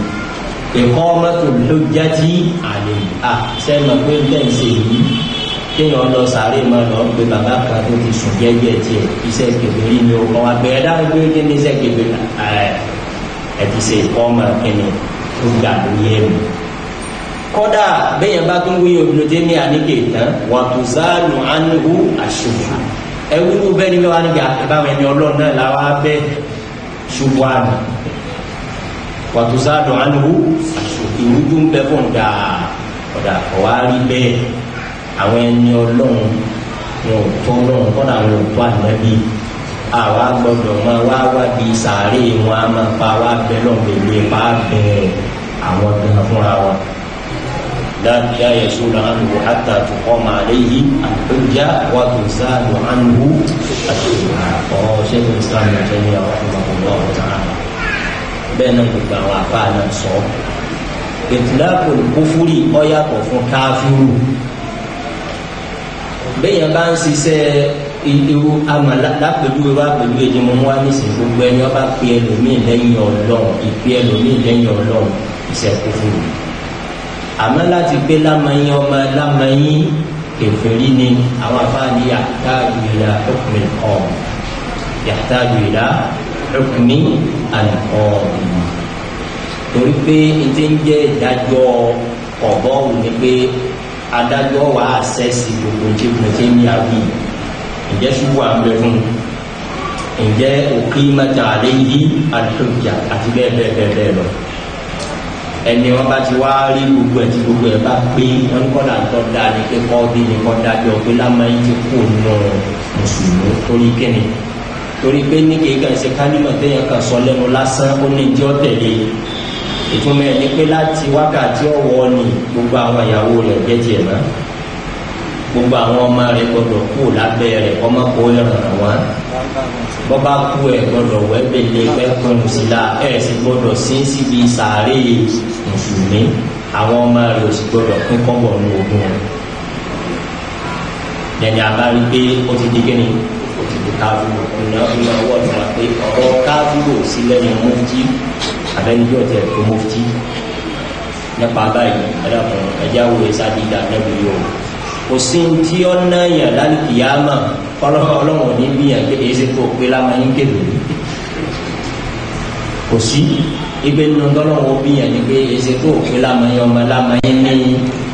ẹ̀kọ́ mọ́tò ló já tí àlè à sẹ́nu pé bẹ́ẹ̀ ń ṣe yìí kéèyàn lọ sàárè mọ lọ pé bàbá kan tó ti sùn jẹ́jẹ́ tiẹ̀ iṣẹ́ kébèrè ni o kọ́ wa bẹ̀rẹ̀ dáhùn pé kí ni iṣẹ́ kébèrè ẹ ti ṣe ìkọ́ ọmọ kẹ́ni tó gbà ló yẹ mi. kọ́dà bẹ́yẹn bá tún wíyẹn òbí ló dé ní àníkè tán wàtúzánù ánìhù àṣùfà ẹ wúwo bẹ́ẹ̀ ni wọ́n á nígbà ẹ báwọn ẹni ọlọ́run náà la wá bẹ́ẹ̀ ṣubú àná wàtúzánù ánìhù àṣùfà ìwúdú ń bẹ fún ọ̀dà ọ̀dà ọ̀wá àwọn ẹni ọlọ́run wọn ò tó ọlọ́run kọ́dà wọn ò tó ànábì àwa gbọ́dọ̀ máa wá wá bí sàárè wọn a máa pa wá bẹ lọ́gbẹ̀gbẹ̀ pa bẹ àwọn gan fúnra wọn. dábìá yẹsùn làánù hàtà tó kọ́ màá léyìí àtúnjá wà tó sáàlù ànú àtúnjá ọ̀ ṣẹ́gun islam jẹ́ ni, àwọn ọmọkùnrin ọ̀tá bẹ́ẹ̀ náà gbogbo àwọn àbá náà sọ. ìtìlákùn kófúrì ọ yàtọ̀ fún káfíńrù bẹ́yàn bá ń ṣiṣẹ́ irú amàlà lápẹ̀lú irú àpẹ̀lú èdè mo wá nísìnyí gbogbo ẹni ọba pe ẹlòmíì lẹ́yìn ọlọ́run ìpe ẹlòmíì lẹ́yìn ọlọ́run ìṣẹ̀kù fún mi àmọ́ láti pé lámàyín ọmọ lámàyín kẹfẹ́rí ni àwọn afáàní yàtáàjù ìlà ọkùnrin ọ̀hún yàtáàjù ìlà ọkùnrin ọ̀hún torí pé ètè ń jẹ́ ìdájọ́ ọ̀bọ̀ òun ni pé adájọ́ wà á sẹ́sì gbogbo jébùn tí ń yà wí ǹjẹ́ ṣùgbọ́n à ń bẹ fún un ǹjẹ́ òkè mẹ́ta àléyìí àdókòjà àti bẹ́ẹ̀ bẹ́ẹ̀ bẹ́ẹ̀ bẹ́ẹ̀ lọ ẹni wọn bá ti wá rí gbogbo ẹ tí gbogbo ẹ bá pé wọn kọ́dà tó dáa ní pé kọ́ bí ni kọ́ dájọ́ pé lámàá ti kú nù mùsùlùmí torí kíni torí pé ní kéka ẹsẹ kálímọ̀ téèyàn kan sọ lẹ́nu lásán ó ní jọ́ tẹ̀lé ìtumọ̀ ẹni pé láti wákàtí ọ̀wọ́ ni gbogbo àwọn ìyàwó rẹ̀ jẹ́ tiẹ̀ mọ́ gbogbo àwọn ọmọ rẹ̀ gbọ́dọ̀ kú lábẹ́ rẹ̀ ọmọ kó ẹ̀ràn wọn bọ́bá kú ẹ̀ gbọ́dọ̀ wẹ́bẹ̀lẹ̀ ẹ̀kọ́nù sí la ẹ̀ sì gbọ́dọ̀ sí síbi sàárè mùsùlùmí àwọn ọmọ rẹ̀ ò sì gbọ́dọ̀ pín kọ́bọ̀ ní ogun rẹ̀ yẹn ni a bá rí pé ó ti di kíni ó ti di káfíńdò ìnáwó ìnáwó ọ̀dùnmá pé ọ̀rọ̀ káfíńdò sílẹ̀ ni mo jí abẹ́ni juga tẹ̀ tó mufti nípa báyìí ẹ̀dàkùn ẹ̀já wo ẹ̀sá dídá nẹ́bi yóò kò sí ní tí ó ná yàn lálùkìyàmà ọlọ́wọ̀n ní bí yàn kéde ẹsẹ̀ tó pé lámà yín yang kò sí ibi nínú tọ́lọ́wọ́ bí yàn ní pé ẹsẹ̀ tó pé lámà yín ọmọ lámà yín ní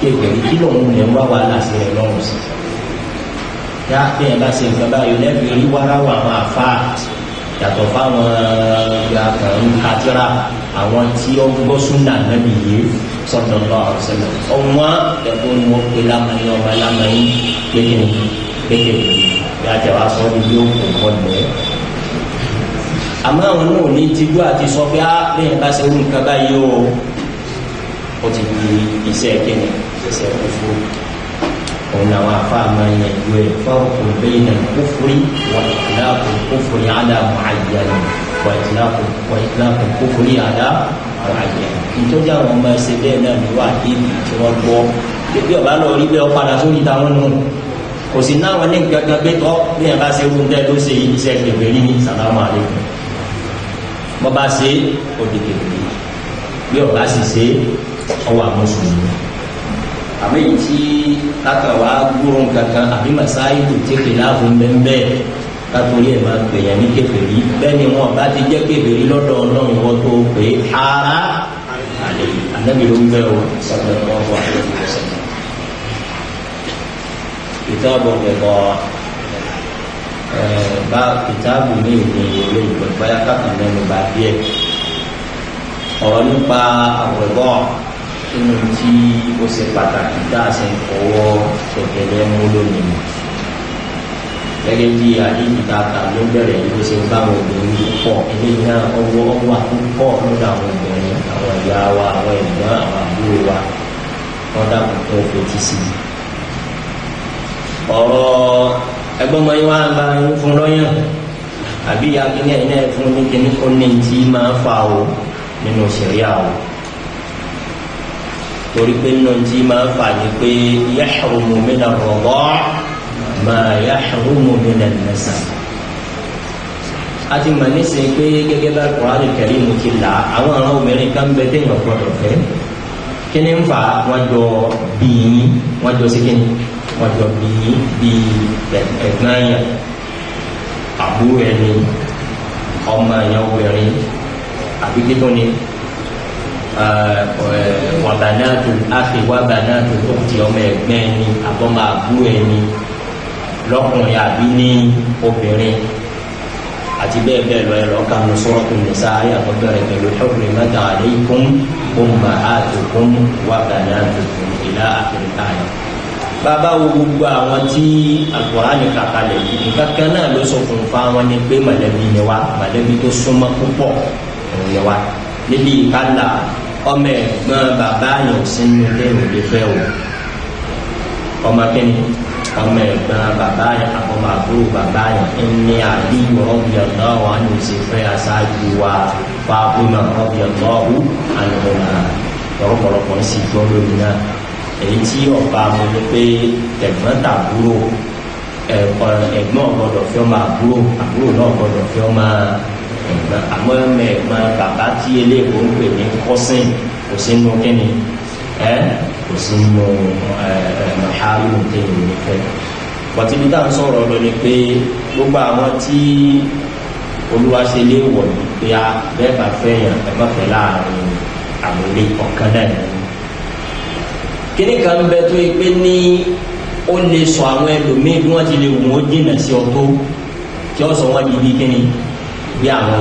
kéde kí lòun lè wá wàhálà yàtọ̀ fáwọn akàn kátìrà àwọn tí ó gbọ́ súnà nàbì yìí sọ̀tọ̀tọ̀ àrùsẹ̀lẹ̀ ọmọ ẹ̀kọ́ ni wọ́n pe lámàyìn ọmọ lámàyìn pékin pékin bí àtẹ̀wá sọ ní bí ó kò mọ̀ lẹ́. àmọ́ àwọn náà ò ní tigbó àti sọ pé á ah, lẹ́yìn bá ṣe wù nǹkan báyìí o ó ti di iṣẹ́ kẹ́ni iṣẹ́ kúfú òun làwọn afáàmà yẹn ju ẹ̀ الكفر bẹ́yìn náà kófúrí wàtìláàkù kófúrí àdá mọ̀áyẹ̀lì wàtìláàkù wàtìláàkù kófúrí àdá mọ̀áyẹ̀lì. ìtọ́jú àwọn ọmọ ẹsẹ̀ bẹ́ẹ̀ náà ni wàá dé ibi tí wọ́n gbọ́ bébí ọ̀bá lọ rí bẹ́ẹ̀ padà sórí táwọn nù kò sí náà wọn ní gangan pé tọ́ bí ẹ̀ bá ṣe wú ní ẹ̀dọ́ ṣe yìí ṣe kẹfẹ́ ní sàlámù àlékún bọ́ ṣe ó di bí ọ̀bá sì ṣe ọwọ́ àmọ́sùn yìí àmì yìí tí kákan wá gbúrò kankan àbí masáyì tó ti kìlá fún bẹ́ẹ̀ kátórí ẹ̀ máa pè yẹn ní kèfèrí bẹ́ẹ̀ ni wọn bá ti jẹ́ kèfèrí lọ́dọ̀ ọlọ́run wọn tó pè é ara àlè ànábì ló ń bẹ̀ wọ sọ̀rọ̀ wọn wọ àlè ìwòsàn. kìtàbù ẹ̀kọ́ ẹ̀ bá kìtàbù ní ìpín ìwòlò ìgbàgbáyà kákan mẹ́nu bá díẹ̀ ọ̀rọ̀ nípa àwẹ̀bọ̀ inú tí ó ṣe pàtàkì tá a ṣe ń fọwọ́ ṣẹ̀kẹ̀lẹ̀ mú lónìí gẹ́gẹ́ bí àdéhùn tata ló bẹ̀rẹ̀ ló ṣe ń bá àwọn obìnrin púpọ̀ eléyìí náà ọwọ́ ọwọ́ àkókò lọ́dọ̀ àwọn obìnrin àwọn ìyá wa àwọn ẹ̀gbọ́n àwọn àbúrò wa wọ́n dàpọ̀ tó fetí sí i. ọ̀rọ̀ ẹgbọ́n mọ́ yín wá ń bá yín fún lọ́yàn àbí ìyá kínní ẹ̀yìn náà fún ní kó ní ti máa fa o nínú ṣẹ̀ríà o torí pé nínú tí máa ń fà ní pé yahrumu min ar-radaa ma yahrumu min an-nasab àti màá nísìn pé gẹ́gẹ́ bá Qur'an al-Karim mo ti là àwọn ará obìnrin kan bẹ téèyàn gbọdọ̀ fẹ́ kí ni ń fa wọn jọ bìíní wọn jọ sí wọn jọ bìíní bíi ẹ̀gbọ́n yẹn àbúrò ẹni ọmọ ẹ̀yàn obìnrin àbí kíkún ni wàbànà tó àfi wàbànà tó tó ti ọmọ ẹgbẹ́ ẹni àbọ̀mọ àbúrò ẹni lọ́kùnrin àbí ní obìnrin àti bẹ́ẹ̀ bẹ́ẹ̀ lọ ẹ̀rọ kanu suratul nisa ayàtọ̀ bẹ̀rẹ̀ pẹ̀lú hurrimat alaykum ummahatukum wa banatukum ila akhir ayah. bàbá wo gbogbo àwọn tí Al-Qur'ani kàkalẹ̀ yìí kankan náà ló sọ fún fa wọn ni pé mọ̀lẹ́bí ni wa mọ̀lẹ́bí tó súnmọ́ púpọ̀ òun ni wa níbi ìkàlà ọmọ ẹ̀gbọ́n bàbá àyàn sínú kéèyàn lè fẹ́ o ọmọ kẹ́ni ọmọ ẹ̀gbọ́n bàbá àyàn àkọ́mọ àbúrò bàbá àyàn ẹni àbí ọ̀bì ọ̀dọ́ wa ni o ṣe fẹ́ aṣáájú wa wàá bú ma ọ̀bì ọ̀dọ́ wù àyànwó ma lọ́pọ̀lọpọ̀ ń sì gbọ́ lórí náà èyí tí ọba mo ní pé ẹ̀gbọ́n tàbúrò ẹ̀gbọ́n ọ̀gbọ́dọ̀ fẹ́ ọmọ àbúrò àbúrò náà ọ̀gbọ́dọ̀ fẹ́ ọmọ àbúrò ẹ̀gbọ́n àmọ́ ẹ̀gbọ́n bàbá tí eléèkó ń pè ní kọ́sìn kò sí nù kínní ẹ kò sí nù ẹ mọ̀hálù kínní nìkẹ́ pọ̀tìbí tá à ń sọ̀rọ̀ lọ ni pé gbogbo àwọn tí olúwa lé wọ̀ ní pé a bẹ́ẹ̀ bá fẹ́ yàn ẹ má láàrin àwọn ọ̀kan náà nìyẹn kíní kan bẹ tó yẹ pé ní ó lè sọ àwọn ẹlòmíín bí wọ́n ti lè wọ́n jìnnà sí ọ tó kí ọ sọ wọ́n di bí kíní bí àwọn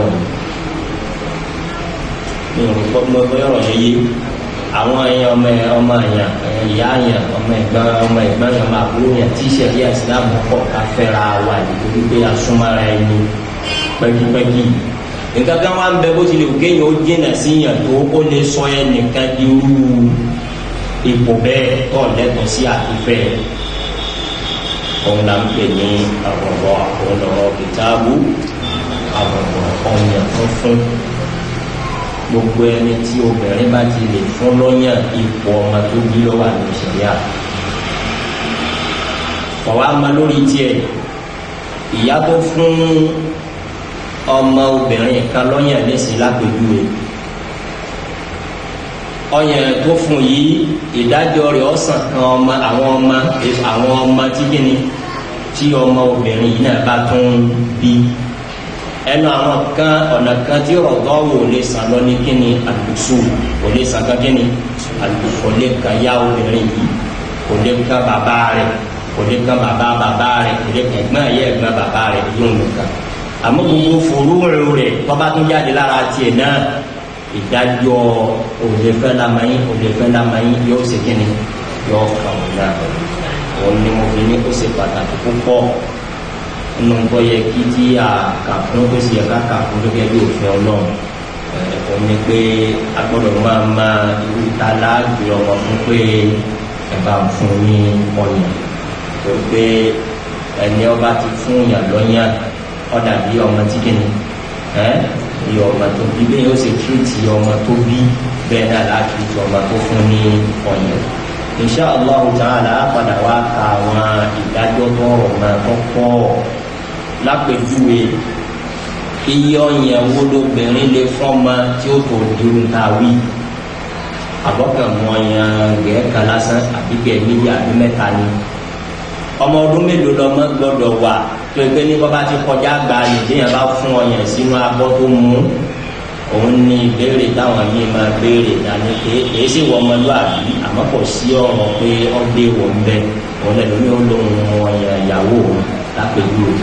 ọ̀hún mi ò gbọ́ mo gbọ́ yọ̀rọ̀ ṣe yé àwọn ẹ̀yàn ọmọ ẹ̀ ọmọ ẹ̀yàn ìyá ẹ̀yàn ọmọ ẹ̀gbọ́n ọmọ ẹ̀gbọ́n ẹ̀yàn ọmọ àbúrò yẹn tí ìṣẹ̀lẹ̀ yẹn ìsìlámù pọ̀ ká fẹ́ra wa nítorí pé asúnmọ́ra ẹni pẹ́kípẹ́kí nǹkan kan wá ń bẹ bó ti lè kéèyàn ó jìnà sí yàn tó ó lè sọ ẹnìkan di irú ipò bẹ́ẹ̀ tọ̀ lẹ́tọ̀ọ́ sí àtúfẹ́ òun là ń pè ní àkọ́kọ́ àwọn ọ̀rọ̀ kìtàbù àwọ̀wọ̀ ọ̀yàn tó fún gbogbo ẹni tí obìnrin bá ti lè fún lọ́yàn ipò ọmọ tó bí lọ́wọ́ àti ìṣẹ̀lẹ̀ à. ọ̀wá ma lórí tiẹ̀ ìyá tó fún ọmọ obìnrin kan lọ́yàn nísìnyí lápèjúwe ọyàn tó fún yìí ìdájọ́ rẹ̀ ọ̀sán kan ọmọ àwọn ọmọ àwọn ọmọ tí kíni tí ọmọ obìnrin yìí náà bá tún bí ẹnu àwọn kan ọ̀nà kan tí rọ̀dọ́ wò lè sàn lọ ní kíni àlùsù kò lè sàn kan kíni àlùsù kò lè kan yá obìnrin yìí kò lè kan bàbá rẹ̀ kò lè kan bàbá bàbá rẹ̀ kò lè kan ẹ̀gbọ́n ẹ̀yẹ ẹ̀gbọ́n bàbá rẹ̀ yóò nìkan àmọ́ gbogbo fòrúurú rẹ̀ bọ́bá tó jáde lára tiẹ̀ náà ìdájọ́ òdefẹ́ lamẹ́yìn òdefẹ́ lamẹ́yìn yóò ṣe kíni yóò kàn náà òun ni mo fi ní kó ṣe pàtàkì púpọ̀ nínú nǹkan yẹ kí tí a kà fún pé sì yẹ kà fún gẹ́gẹ́ bí òfin ọlọ́run ẹ̀kọ́ ni pé a gbọ́dọ̀ máa ma irú ta láàgbé ọmọ fún pé ẹ fún ní ọyàn tó pé ẹni ọba ti fún yàn lọ́yàn ọ̀dà bí ọmọ tí kìíní ẹ́ iye ọmọ tó bí bẹ́ẹ̀ ó sì tírìtì ọmọ tó bí bẹ́ẹ̀ náà láti tì ọmọ tó fún ní ọyàn insha Allah ta'ala padà wá ka àwọn ìdájọ́ tó rọ̀ mọ́ tó pọ̀ lápèjúwe iye ọyàn wo lobìnrin lè fọmọ tí ó tó dúró ta wí àbọ̀kànmú lásán àbí níyà àbí mẹ́ta ni ọmọ ọdún mélòó lọmọ gbọ́dọ̀ wà tó ẹgbẹ́ ní bọ́bá ti kọjá gba nìyẹn bá fún ọyàn sínú abọ́ tó mú òun ní ìbéèrè táwọn yìí máa béèrè dání pé èyí sì wọ ọmọlúwàbí àmọ́ kò sí ọ̀rọ̀ pé ọgbẹ́ wọ̀ bẹ òun lẹ́nu ní ó lóun ọyàn ìyàwó òun lápẹ́jú òun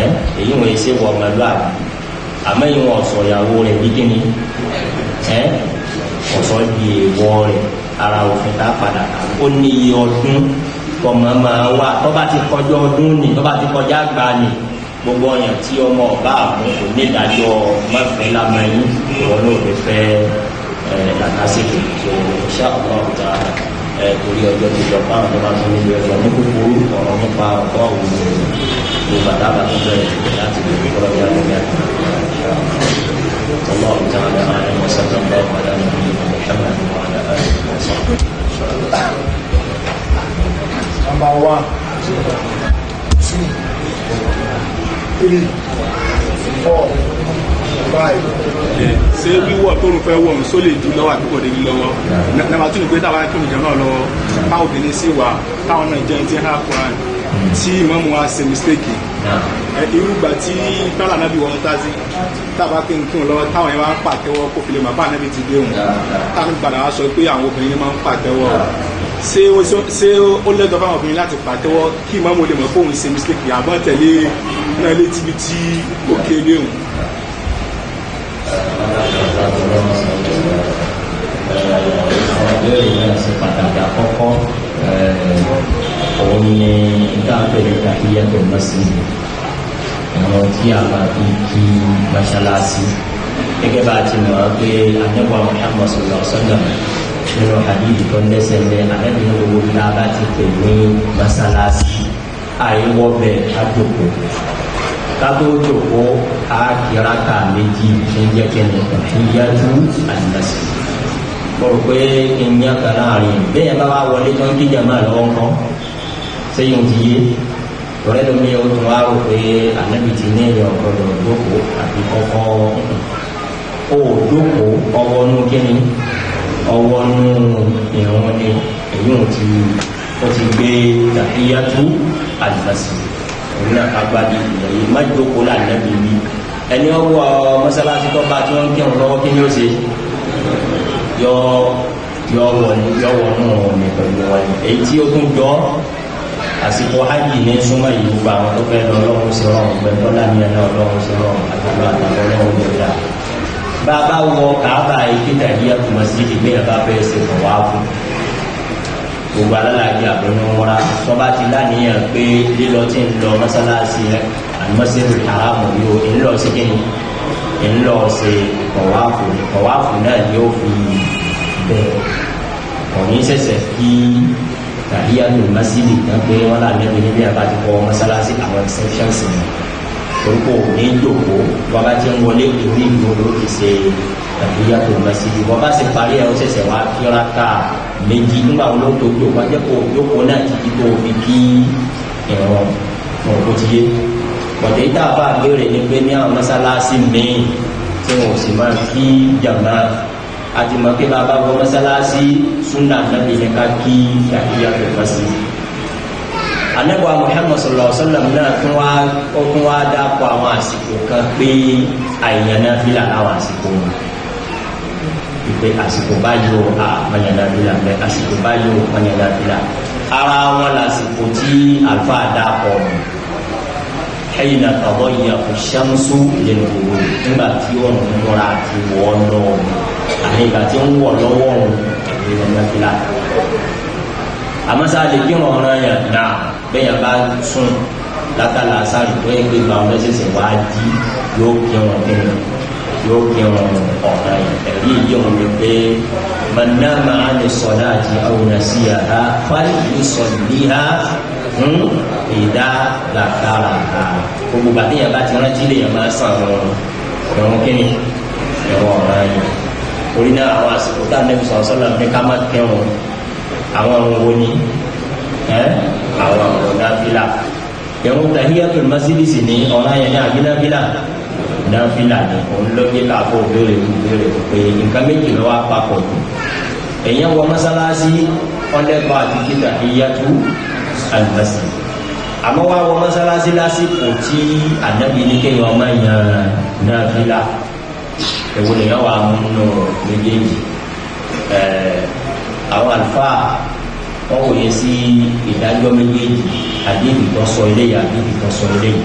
ẹ èyí wọn ṣe wọ ọmọlúwàbí àmọ́ yìí wọn sọ ìyàwó rẹ̀ bí kíni ẹ di èèwọ̀ rẹ̀ ara òfin tá a padà kà ó ní iye ọdún ọmọ máa wà tó bá ti kọjá ọdún ni tó bá ti kọjá àgbà ni gbogbo ọyàn tí ọmọ ọba àmú kò ní ìdájọ́ mọfẹ lamẹyìn ìwọ náà ò fẹ ẹ làkàṣe kò ṣàkóso ọjà. é, por ir ao dia de Japão, no mais um dia de Japão, no Puru, no Rome, para o Pau, no Badaba, no Zé, no Yatsi, no Pura, no Yatsi, no Yatsi, no Yatsi, no Yatsi, no Yatsi, no Yatsi, no Yatsi, no Yatsi, no Yatsi, no báyìí. ṣé wíwọ̀ tó ń fẹ́ wọ̀ ń sólè jù lọ́wọ́ àdúgbò dé lọ́wọ́ nàbà tún ìgbé táwọn akínú ìjọ náà lọ́wọ́ táwọn obìnrin sì wà táwọn náà jẹ́ ti hàn quran tí ìmáàmù wa ṣe mistake irú gbà tí fẹ́ràn náà bí wọ́n tázi tábà pé ń kírun lọ́wọ́ táwọn yẹn máa ń pàtẹ́wọ́ kó fi lè máa bá ànábì ti dé òun táwọn gbàdá wa sọ pé àwọn obìnrin máa ń pàtẹ́wọ́ ṣé ó lẹ́dọ̀ fáwọn obìnrin láti pàtẹ́wọ́ kí ìmáàmù lè mọ̀ fóun ṣe mistake àbọ̀ tẹ̀lé náà létí bí òkè dé òun. àtàtà kọ́kọ́ òun ni dáàbẹ̀ ní àkíyàtọ̀ mọ́sílì àwọn tí a máa fi kí mọ́ṣáláṣí gẹ́gẹ́ bá a ti mọ̀ ọ́ pé àjọpọ̀ Muhammad sọ̀rọ̀ sọ́dọ̀ nínú àdìyí tó ń dẹ́sẹ̀ ní àdẹ́bìnrin owó ńlá bá ti pè ní mọ́ṣáláṣí àìwọ́bẹ̀ àjòkò kátó jòkó mo rò pé kí n yàn kan láàrin bẹ́ẹ̀ yẹn bá wá wọlé tó ń kí jàmbá lọ́wọ́ ńkọ́ sẹ́yìn ò ti yé tọ́lẹ́ lómi yẹn ó tún wá rò pé ànábì ti ní ẹ̀yọ̀ ọ̀gbọ̀dọ̀ dóko àti kọ́kọ́ ó dóko ọwọ́ nú kíni ọwọ́ ni èyí ò ti ó ti gbé tàbíyàtú àlùfàṣì òun náà agbádi ìlẹ̀ yìí má dóko láàrin ẹ̀mí mi ẹni ọwọ́ mọ́sálásí tó tí wọ́n ń kírun lọ́wọ́ kí ni yọ yọ wọnú yọ wọnú ọ̀hún mi pẹ̀lú wọn èyí tí ó tún jọ àsìkò ájì ní súnmọ́ ìlú gba àwọn tó fẹ́ lọ lọ́wọ́ sí ọ̀rọ̀ ọ̀gbẹ́ tọ́lá ní ẹ̀nà ọlọ́wọ́ sí ọ̀rọ̀ àtàlọ́ àtàlọ́ lọ́wọ́ ló dá. bàbá wọ kàába ìkíta yìí àtúmọ̀ sí ìdí bẹ́ẹ̀ bá fẹ́ ṣe fọ̀ wá fún. gbogbo alálàájì àbẹ̀nú wọra tọ́ba ti láníyàn pé lílọ tí ń lọ mọ́sálásí àlùmọ́sí ìlú àhámù yìí ó ń lọ sí kíni ńlọ ṣe tọ̀wáfù tọ̀wáfù náà ni ó fi bẹ̀rẹ̀ ọ̀ní ṣẹ̀ṣẹ̀ kí tàbíyá ní masidi náà pé wọ́n là lẹ́nu ní abájú kọ́ mọ́sálásí àwọn exceptions ni orúkọ ní jòkó wọ́n bá ti ń wọlé ìlú ìlú olóòkè ṣe tàbíyá tó masidi wọ́n bá ṣe parí ẹ̀ ó ṣẹ̀ṣẹ̀ wá kíra ká méjì nígbà wọn ló tó jò wọ́n jẹ́ kó jókòó náà títí tó fi kí ẹ̀rọ ọ̀gbọ́n ti pọ̀tẹ́ tá a bá béèrè ni pé ní àwọn mọ́sálásí míì tí wọn ò sì máa kí jàmbá àti mọ̀ pé bàbá wọ mọ́sálásí súnà nàbì ní ká kí yàtúyà tó fà sí. anábọ̀ Muhammad sallallahu alaihi wasallam náà tún wá ó tún wá dápọ̀ àwọn àsìkò kan pé àyàn náà fi là láwọn àsìkò wọn ìpè àsìkò báyìí o àmọ̀yànà fìlà bẹ́ẹ̀ àsìkò báyìí o àmọ̀yànà ara wọn làsìkò tí àlùfáà dápọ̀ ọ̀hún ẹ̀yìn àtàwọn ìyàpò ṣàmùsù lẹ́nu òwò nígbà tí wọ́n ń múra àti wọ́ lọ́wọ́ àmì ìgbà tí ń wọ̀ lọ́wọ́ ẹ̀yìn ọ̀nàfìlà. àmọ́ sáà lè kí wọn rán yàn náà bẹ́ẹ̀ yàn bá sùn látàlá sáré tó yẹ pé gba ọ̀rẹ́ ṣẹ̀ṣẹ̀ wá jí yóò kí wọn kí wọn yóò kí wọn ọ̀ràn yàn ẹ̀rí yìí wọn ni pé mọ̀nàmá ni sọ̀dá àti àwòrán sí yàrá fáyì sọ̀dí fún ìdá làkàrà gbogbo bàtí yẹn bá ti rántí lè yẹn máa sàn wọn ẹ̀wọ̀n kínní ẹ̀wọ̀n ọ̀ràn yẹn orí náà àwọn àsìkò tá a nẹ́bi sọ̀rọ̀ sọ́la ní ká má kẹ́wọ̀n àwọn ọ̀run wo ni ẹ́ àwọn ọ̀run náfìlà ẹ̀wọ̀n tahiyatul masjidi sì ní ọ̀ràn yẹn ní àbí náfìlà náfìlà ni òun lọ́gbé káàkó òbéèrè òbéèrè pé nǹkan méjì lọ́wọ́ apapọ̀ èèyàn wọ mọ́sálásí ọ̀lẹ́kọ̀ọ́ àti kíkà ìyàtú alimasi àmọ́ wá wọ mọ́sálásí lásìkò tí ànábi ní kéèyàn ọmọ yẹn náà fi la èwo lèyàn wà nínú méjèèjì àwọn àlùfáà wọn wò yẹ sí ìdájọ́ méjèèjì àdébì tó sọ eléyìí àdébì tó sọ eléyìí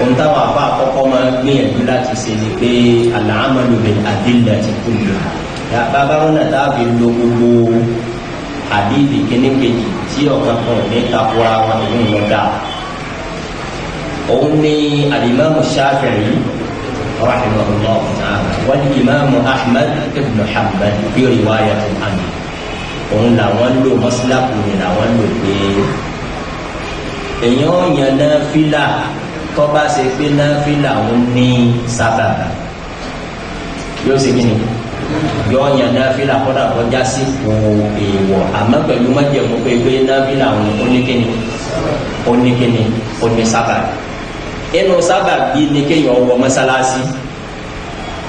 ohun táwọn àbá àkọ́kọ́ máa ń gbìyànjú láti ṣe ni pé àlàámọ́lùmí àdéhùn àti kùnìyàn bàbá wọn náà dábì lo gbogbo àdìsí kíní kejì tí ọ̀kan kan ní takora wọn ní ìlọ́dà òun ní alimami Shafi'i rahimahullah wal imaamu Ahmad ibn Hanbal fi riwayatin anhu òun làwọn lò mọ́síláàpù ni làwọn lò pé èèyàn yàn náà fílà tó bá ṣe pé náà fílà òun ní sábàbà yóò ṣe kí ni yọ yan náfìlà kọ́dà kọjá sí kò èèwọ̀ àmọ́ pẹ̀lú májèmú pé pé náfìlà òun ó ní kíni ó ní kíni ó ní sábàbí inú sábàbí ni kéèyàn wọ mọ́sálásí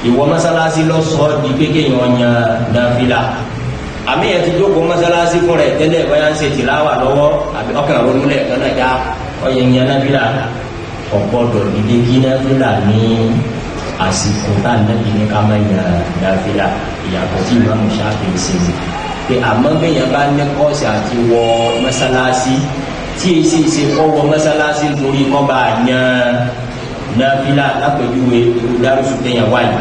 ìwọ mọ́sálásí lọ sọ di pé kéèyàn yan náfìlà àmì yẹn ti jókòó mọ́sálásí fún rẹ̀ tẹ́lẹ̀ báyà ń ṣe tìláwà lọ́wọ́ àbí ọkàn ronú lẹ̀ ọyẹ yan náfìlà ọ̀gbọ́dọ̀ dídé kí náfìlà ní àsìkò tá nàbí ní ká máa yàn nàfílà ìyàtọ̀ tí ìmọ̀ mùsàfì ń ṣe pé àmọ́ bẹ́yàn bá ní kọ́ọ̀sì àti wọ mọ́sálásí tí èsì ṣe kọ́wọ́ mọ́sálásí lórí kọ́ba yàn nàfílà lápẹ̀júwe olùdárúsù tẹ̀yàn wáyé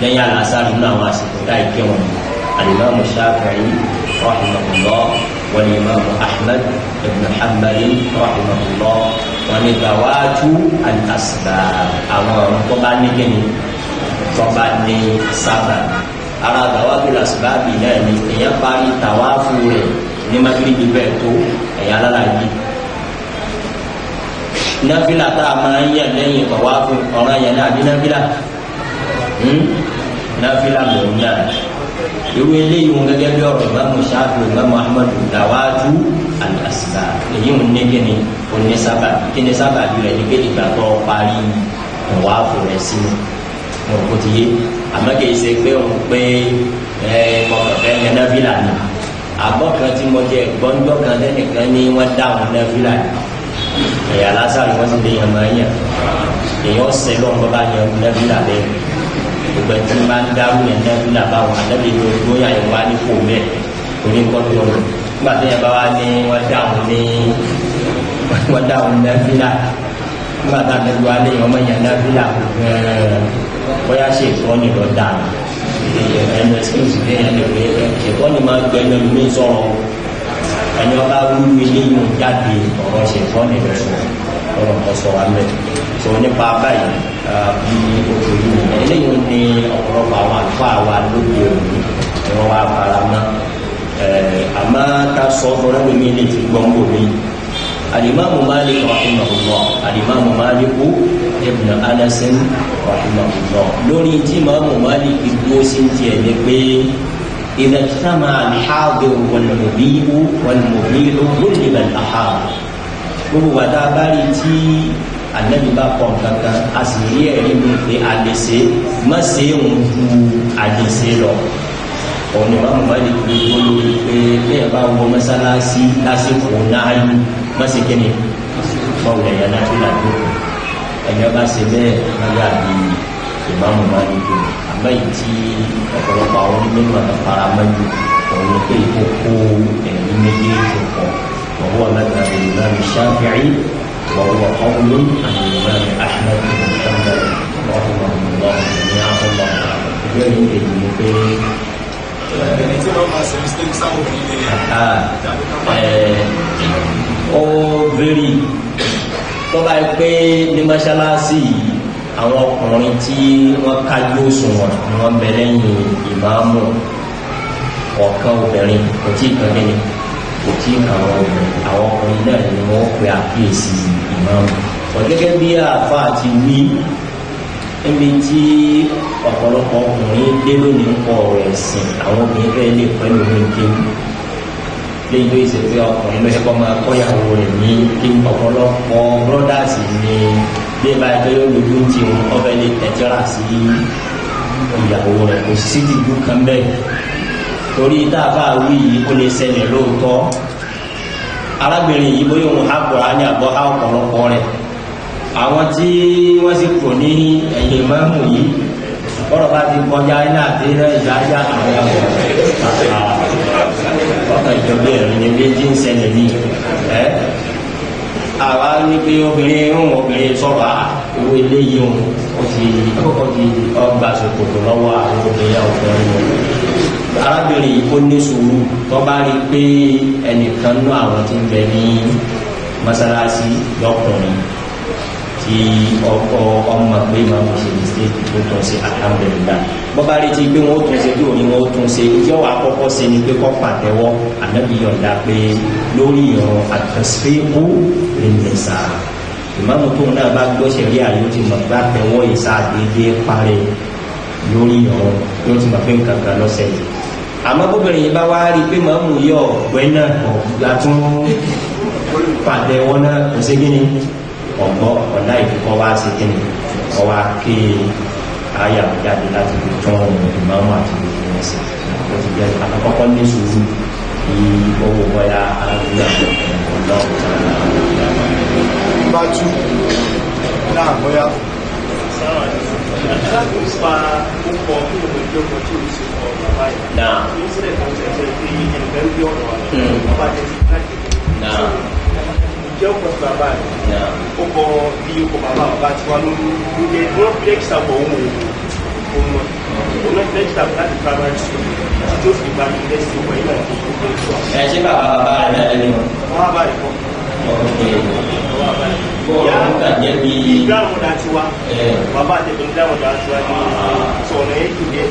lẹ́yìn àlàsà nínú àwọn àsìkò tá ìkẹwọn àlùmọ́ mùsàfì rahimahullah والإمام أحمد بن حنبل رحمه الله ونبوات الأسباب أمر طبعا كني طبعا سبب ara dawabi lasibabi náà ni èyàn parí tàwáfù rẹ ní magiribi bẹ́ẹ̀ tó ẹyà alára yìí nafila tá a máa ń yàn lẹ́yìn tàwáfù ọ̀ràn yẹn náà nafila hmm? nafila lòún irú eléyìí wọn gẹ́gẹ́ bí ọ̀rọ̀ ìmáàmù ṣáàbù ìmáàmù ahmadu dàwájú àlàsìbà èyí ń ní kíni onísábà kíni sábà bí rẹ ní pé ìgbà tó parí ìwà àfòrẹ sí mi wọn kò ti yé àmọ́ kì í ṣe pé òun pé ẹ mọkànfẹ yẹn náà bí lànà àbọ̀ kan tí mo jẹ gbọ́ngbọ́n kan lẹ́nìkan ní wọ́n dá òun náà bí lànà ẹ̀yà lásán ni wọ́n ti lè yàn máa yàn èèyàn ọ̀sẹ̀ lọ́wọ́ bá yàn náà bí lànà ìgbà tí máa ń dárú yẹn lẹ́nu làbá wọn àtẹ́bí ló lóyà yẹn wá ní kò mẹ́ orí ń kọ́tù ọ̀rọ̀ nígbà tí yẹn bá wá ní wọ́n dáhùn ní wọ́n dáhùn lẹ́fílà nígbà tá a ti lu alẹ́ yẹn ọmọ yẹn bóyá ṣe ìtọ́ ni lọ dà ẹnu ẹsikẹ́sì bẹ́ẹ̀ yẹn lè wé ẹ̀kọ́ ni máa gbẹ ẹnu mi sọ̀rọ̀ ẹni ọba wúlú ilé yìí jáde ọ̀rọ̀ ṣe ìtọ́ ni lọ sọ̀rọ̀ ọ̀rọ̀ eléyìí ni ọ̀pọ̀lọpọ̀ àwọn àlùfáà wa lóde òní ni wọ́n wá fara mọ́ àmọ́ ká sọ fọlọ́ mi ní ilé ti gbọ́n kò ní. alimami malik rahimahullah alimami malik ibn anasin rahimahullah lórí tí imaamu malik dúró sí tiẹ̀ ní pé ìdá tàmà alḥàdì wàlmùbíyù wàlmùbíyù lórí ìbẹ̀lẹ̀ àhàdì gbogbo wàtá bá rí tí anabi bá kọ́ kankan a sì rí ẹ̀rí mi pé àdèsè má ṣe é ń ju àdèsè lọ òun ni báwo bá lè fi gbóló pé bẹ́ẹ̀ bá wọ mọ́sálásí lásìkò náà yú má ṣe kéde báwo ẹ̀yà náà fi làdó ẹ̀yà bá ṣe bẹ́ẹ̀ má yà bí ìmáàmù má lè dùn àmọ́ èyí tí ọ̀pọ̀lọpọ̀ àwọn onímọ̀ náà fara mọ́jú òun pé kókó ẹ̀rí méjèèjì pọ̀ ọ̀wọ́ وهو قول عن الإمام أحمد بن محمد رحمه الله جميعا والله أعلم lẹ́nu èyí ni pé. ẹni tí wọ́n máa ṣe mistake sáwọn òfin ni ó vary tó bá yẹ pé ní mọ́ṣáláṣí yìí àwọn ọkùnrin tí wọ́n kájú òṣùwọ̀n ni wọ́n bẹ lẹ́yìn ìmáàmù ọ̀kan obìnrin kò tí ì kan kí ni kò tí ì kan àwọn obìnrin àwọn ọkùnrin náà ni wọ́n pe àkíyèsí yìí ìmáàmù ọ̀gẹ́gẹ́ bí àfa àti wí níbi tí ọ̀pọ̀lọpọ̀ ọkùnrin dé lónìí ń kọ ọ̀rọ̀ ẹ̀sìn àwọn obìnrin fẹ́ lè pẹ́lú orin kéwù lẹ́yìn tó ṣe pé ọkùnrin ló ṣe kọ́ máa kọ́yàwó rẹ̀ ní kí ọ̀pọ̀lọpọ̀ brọ́dàsì ni bí ẹ bá yẹ pé yóò lójú ti ń ọbẹ̀ lè tẹ̀jọ́ra sí ìyàwó rẹ̀ kò sí ti bẹ́ẹ̀ torí tá wí yìí kó lè ṣẹlẹ̀ lóòótọ́ arábìnrin yìí bóyá òun ha kura ní àbọ̀ ha ọ̀pọ̀lọpọ̀ rẹ̀ àwọn tí wọ́n sì kù ní ẹ̀yìn mọ́mù yìí bọ́dọ̀ bá ti kọjá iná àti iná ìdájá àwọn ọ̀pọ̀ ọ̀kan ìjọba ẹ̀rín ní méjì ń ṣẹlẹ̀ ní ẹ́ àwa ní pé obìnrin ń obìnrin sọ̀rọ̀ owó eléyìí òun ó ti ọgbà ṣòkòtò lọ́wọ́ àwọn obìnrin ọ̀pọ̀ ọ̀pọ̀ arábìnrin yìí kó ní sùúrù tó bá rí pé ẹnìkan nú àwọn tí ń bẹ ní mọ́sálásí lọ́kùnrin tí ọkọ ọmọ pé máa ń ṣe mistake tó tún ṣe alhamdulillah bó bá rí ti pé wọ́n tún ṣe bí òní wọ́n tún ṣe ìdí ọ̀wọ́ àkọ́kọ́ ṣe ni pé kọ́ pàtẹ́wọ́ ànábì yọ̀ǹda pé lórí ìran àtẹ̀síwò lè mẹ̀sà ìmáàmù tóun náà bá gbọ́ sẹ̀rí àyè ti mọ̀ bá tẹ̀wọ́ ìsáàdédé parẹ́ lórí ìran yóò ti mọ̀ pé nǹkan kan lọ́sẹ̀ yìí àmọ́ bóbìnrin yìí bá wá rí i pé màá mú yọ ọ̀gbẹ́ náà ọ̀gbà tún pàdé wọn náà kò sí kí ni ọ̀gbọ́ ọ̀la ìdíkọ́ wá sí kí ni ọwá kí ayà jáde láti fi tún ìmáàmù àti ìdíkọ́ wọn sí ó ti jẹ́ àkọ́kọ́ ní sùúrù kí owó bọ́yá arábíyà ọ̀la ọ̀la. bá tú náà bóyá. sáwọn àti láti pa ọkọ̀ kí o lè ọkọ̀ tí o sì kọ̀ bàbá yìí. náà ó sílẹ̀ kan ṣe ṣe pé ẹnì kan bí ọ̀rọ̀ wa bàbá jẹ ti káàkiri. náà ìjẹ́ ọkọ̀ ti bàbá yìí ọkọ̀ bí ọkọ̀ bàbá bàbá ti wá lórí oúnjẹ wọ́n fi lẹ́kìsà pọ̀ ohun èlò òun náà òun náà fi lẹ́kìsà pọ̀ láti primary school tí tó fi gba university ọkọ̀ yìí láti fi gbé ṣọ́. ẹ ṣé bàbá bàbá rẹ̀ náà lẹ́nu. bàbá rẹ̀ kọ́. ọkọ̀ bọ́ọ̀lù nígbà jẹ́ bí. ìgbà àwọn ọ̀dà tiwa bàbá àti ẹ̀gbọ́n nígbà àwọn ọ̀dà tiwa ni sọ̀rọ̀ yẹn jù jẹ́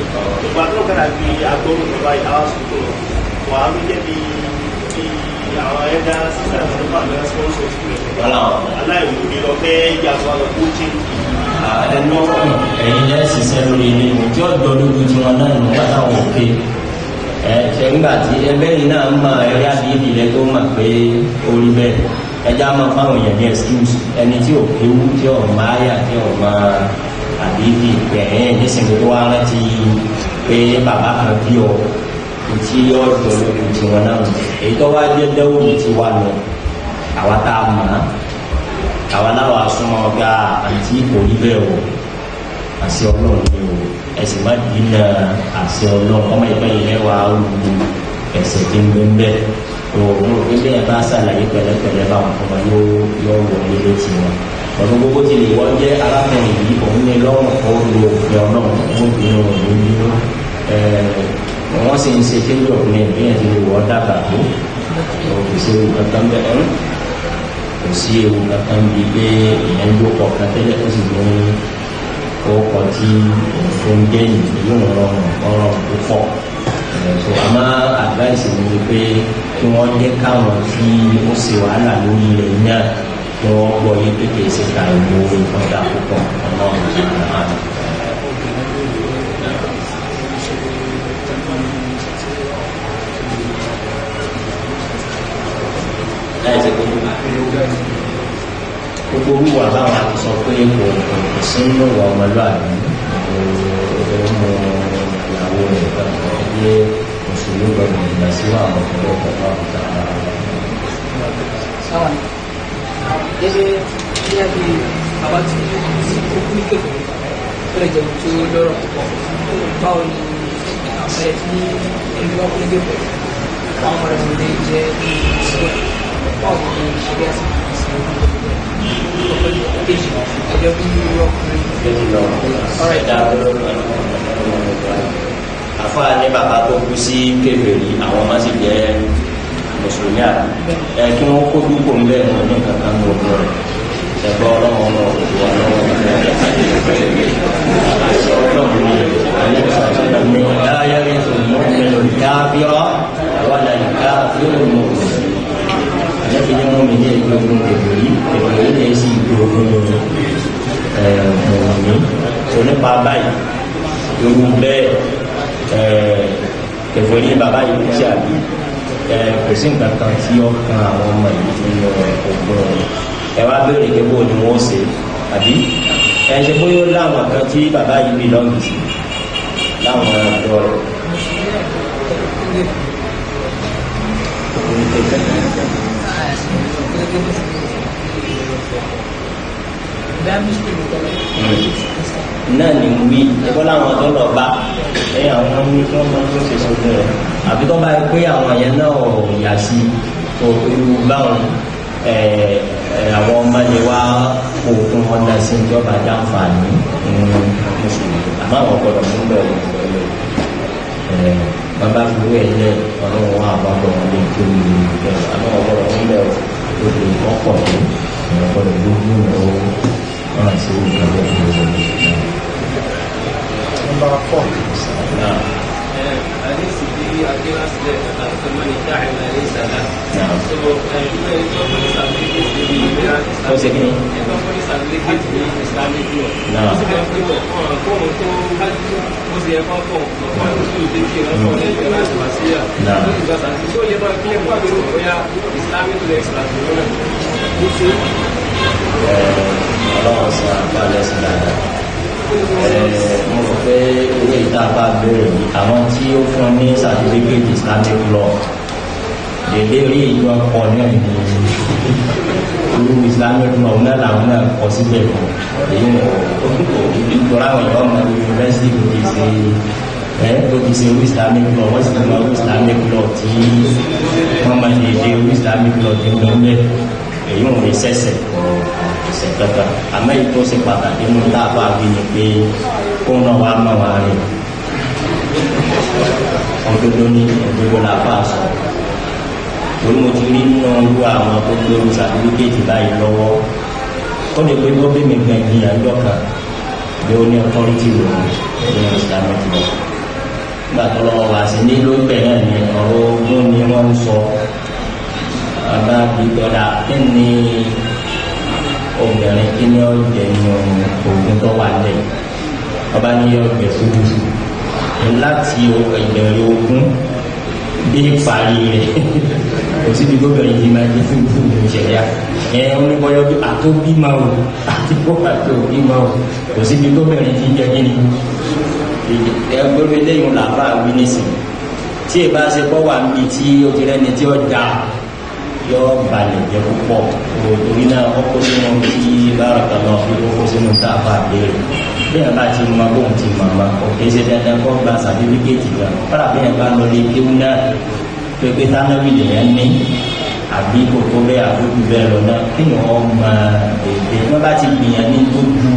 ìgbà tó kàrà bí agbọ́rù bàbá ìdáwà sùkúrù wà á ló jẹ́ bí àwọn ẹ̀dá sísè àwọn ọ̀dọ́ àgbẹ̀ sponsor sùkúrù aláìwòye lọ fẹ́ yàtọ̀ àlọ́ kóòtù ẹnu ẹ̀yin ẹ̀ ṣiṣẹ́ lórí ilé mi tí ọ̀dọ́ lójú tí wọn náà nù bàtà wọ̀ pé ẹgbẹ́ yìí náà ń mọ ẹ̀rí àbí ìbílẹ̀ tó mọ̀ pé orí bẹ́ẹ̀ ẹja máa fáwọn èèyàn ní excuse ẹni tí ò kéwú tí ò máa yà tí ò máa àbíbí ẹ̀ẹ́n nísìnyí tó wá rántí pé bàbá kan bí ọ tí yóò dùn lórí tiwọn náà èyí tó wá jẹ́ dẹ́wọ́n ti wà lọ àwa tá a mọ̀ àwa láwa súnmọ́ ọ̀gá àti kò rí bẹ́ẹ̀ wọ̀ àṣẹ ọlọ́run ni o ẹ̀sìn má dínà àṣẹ ọlọ́run ọmọ ìgbà yìí lẹ́wàá olùdó ẹ̀sẹ̀ tó ń gbé ń bẹ́ẹ̀ tó mo ilé ẹ̀ bá ṣàlàyé pẹ̀lẹ́pẹ̀lẹ́ bá wọn fún wọn yóò wọlé létí wọn ọdún gbogbo ti lè wọ́n jẹ́ arákùnrin yìí òun ní lọ́rùn òru òfin ọlọ́run fún ìbínú òun ní wọ́n sì ń ṣe kéwì ọkùnrin ìbíyàn ti lè wọ́ dàgbà tó òfin ṣe ewu kankan bẹ́ẹ̀ ń kò sí ewu kankan bíi pé ìyẹn ń dókọ̀ kan tẹ́lẹ̀ ó sì ní ọkọ̀ tí òfin gẹ́yìn ìlú ọ̀rọ̀ ọ̀rọ̀ tó pọ̀ so àmọ́ advice mi ni pé kí wọ́n jẹ́ káwọn tí ó ṣe wàhálà lórí rẹ̀ náà kí wọ́n gbọ́ yé kékeré sí ta ìlú ọjà púpọ̀ ọmọ ìjọba náà. gbogbo wíwà báwọn sọ pé kò kò sínú ìwà ọmọlúwàbí. que construiu la d e n o n a c i b 제 이야기 가만히 보니까 그래 이제 줄 얻고 바울 아무래도 인류가 보는 게 뭐예요? 바울을 보는데 이제 바울이 시계에서 여기 유럽을 네, 네. Alright, 네, àfa ní bàbá tó kú sí kébèrè àwọn ọmọ sì jẹ́ mùsùlùmí àná ẹ kí wọ́n kó dúkò ńlẹ̀ wọn ní kankan ní ogun rẹ̀ ẹ̀kọ́ ọlọ́run ọmọ òkú wa lọ́wọ́ Nyɛfi nyɛ mɔmi yɛ gbogbo gbogboyi, gbogboyi yɛ si gbogbo ɛɛ mɔmi. So nípa báyìí, irú bẹ́ẹ̀ kẹfẹ́ eh, ní bàbá yìí ń ṣe àbí eh, kò sí nǹkan kan tí ó kan àwọn ọmọ yìí nínú ọgbọ́n rẹ̀ ẹ wá béèrè pé bó ni wọ́n ṣe àbí ẹ ṣe bóyá ó láwọn kan tí bàbá yìí bí lọ́ọ̀gì sí láwọn ọ̀dọ́ rẹ̀. náà ni wí ẹ bọ́ láwọn ọ̀dọ́ lọ bá lẹ́yìn àwọn ní kí wọ́n máa ń ṣe sọ́dọ̀ rẹ̀ àbí tó bá yẹ pé àwọn yẹn náà ò yà sí irú báwọn àwọn ọmọ lè wá òkun ọ̀dà sí ìjọba dáǹfààní mùsùlùmí àmọ́ àwọn ọ̀pọ̀lọpọ̀ ń bẹ̀rù bàbá fúru ẹ̀ lẹ̀ ọ̀rọ̀ wọn àbábọ̀ wọn lè tó ìlú bẹ̀rù àmọ́ ọ̀pọ̀lọpọ̀ ń bẹ̀rù lóde ọ̀pọ̀ tó ọ̀pọ̀lọpọ̀ gbogbo ìnáwó wọn àti òkú àbẹ̀wò ìnáwó number four. àdìsí bí akílá sílẹ̀ àtàkùnmọ́ mo rò pé owó ìta bá bẹ̀rẹ̀ yìí àwọn tí ó fún ní certificate islamic law dèlé rí ìlú ọkọ náà ní irú islamic law náà làwọn náà kọ síbẹ̀ fún èyí wọn ò nítorí àwọn ìyá ọmọ yunifásitì kò ti ṣe ẹ tó ti ṣe irú islamic law wọ́n sì ti mọ irú islamic law tí wọ́n máa ṣe ṣe irú islamic law tí ń lọ èyí wọn ò ní ẹsẹ̀ kankan àmọ́ èyí tó ṣe pàtàkì mú tá a bá wí ni pé kó náà wàá mọ̀ wá rìn òdodo ní òdodo la bá a sọ torí mo ti rí nínú irú àwọn tó gbé irú sàdúrógéètì báyìí lọ́wọ́ ó lè pé bọ́ bẹ́ẹ̀ mi gan ìyàn lọ́kàn ló ní ọtọ́rìtì lòun ní islamic law nígbà tó lọ́wọ́ wá sí ní ló bẹ̀rẹ̀ ní ọ̀rọ̀ ogún ni wọ́n ń sọ ọba gbígbọ́dá kí ni obìnrin kí ni ó jẹ nínú oògùn tó wà lẹ̀ ọba ní yọ ọgbẹ ṣubú láti ìbẹ̀rẹ̀ ogun dé parí rẹ̀ kò síbi gómìnà yìí máa jẹ fún ìfúnni ìṣẹ̀lẹ̀ ẹ onígbọ́yọ́ àtòbí máa wò àti bó àtòbí máa wò kò síbi gómìnà yìí jẹ kí ni ẹgbẹ́rún lẹ́yìn làbá wínísì tí ì bá ṣe kọ́ wà níbi tí ó ti rẹ́ni tí ó dáa yọ balẹ̀ jẹ́ púpọ̀ torí náà wọ́n kó sínú kí bárakà náà fi kókó sínú tá a bá béèrè bẹ́ẹ̀ bá ti mọ bóun ti mọ̀ mọ́ kò kí ṣe dandan kó gba sàtífíkẹ́tì kan fúnra bẹ́ẹ̀ bá lọ lé kéwú náà pépé tánáwì lèyàn ní àbí kókó bẹ́ẹ̀ àbúkú bẹ́ẹ̀ lọ náà kí ni wọ́n mọ èdè wọ́n bá ti gbìyàn ní tó ju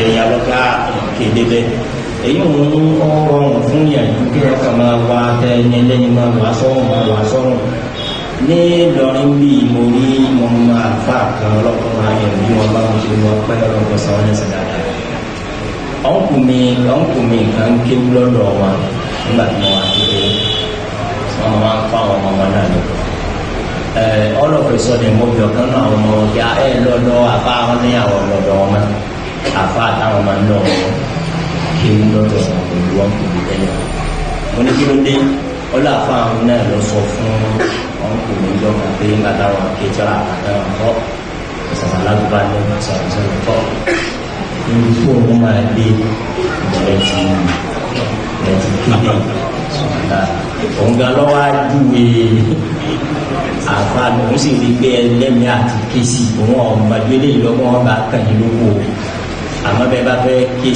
èèyàn lọ́gá ah, kéde bẹ́ẹ̀ èyí ń rọrùn fún yàrá kí wọ́n máa wá tẹ́ ẹni lẹ́yìn máa wá sọ́run máa wá sọ́run ní lọrin bíi mo rí mo mọ àfa kan ọlọ́kùnrin ayọ̀ bí wọ́n bá mo ṣe mọ pẹ́ lọ́kùnrin sọ wọ́n lẹ́sẹ̀ dáadáa ọ̀nkù mi ọ̀nkù mi kan kéwú lọ́dọ̀ wọn nígbà tí mo wà kékeré wọn máa ń fa àwọn ọmọ wọn náà lọ ọlọ́pàá sọdẹ mọbi ọkan náà àwọn ọmọ ọgá ẹ lọ́dọ̀ àbá wọn ní àwọn ọlọ́dọ̀ ọmọ àbá àtàwọn ọmọ náà kí n wọn kò dé tẹ́lẹ̀ wọn ní kí ló ń pè mí jọ tahu pé nígbà táwọn akéjọra àtàwọn kọ ìsàlà alágbèbá ló ń sọ àwọn sọ̀rọ̀ kọ níbi tí òun máa dé ìbẹ̀rẹ̀ ti ìbẹ̀rẹ̀ ti kéde sọ̀tà òun gan lọ́wọ́ á júwe àpá òun sì rí pé ẹlẹ́mìí àti kéésì òun ọ̀mọdé lè lọ́wọ́ wọn bá kàn yín lóko àmọ́ bẹ́ẹ̀ bá fẹ́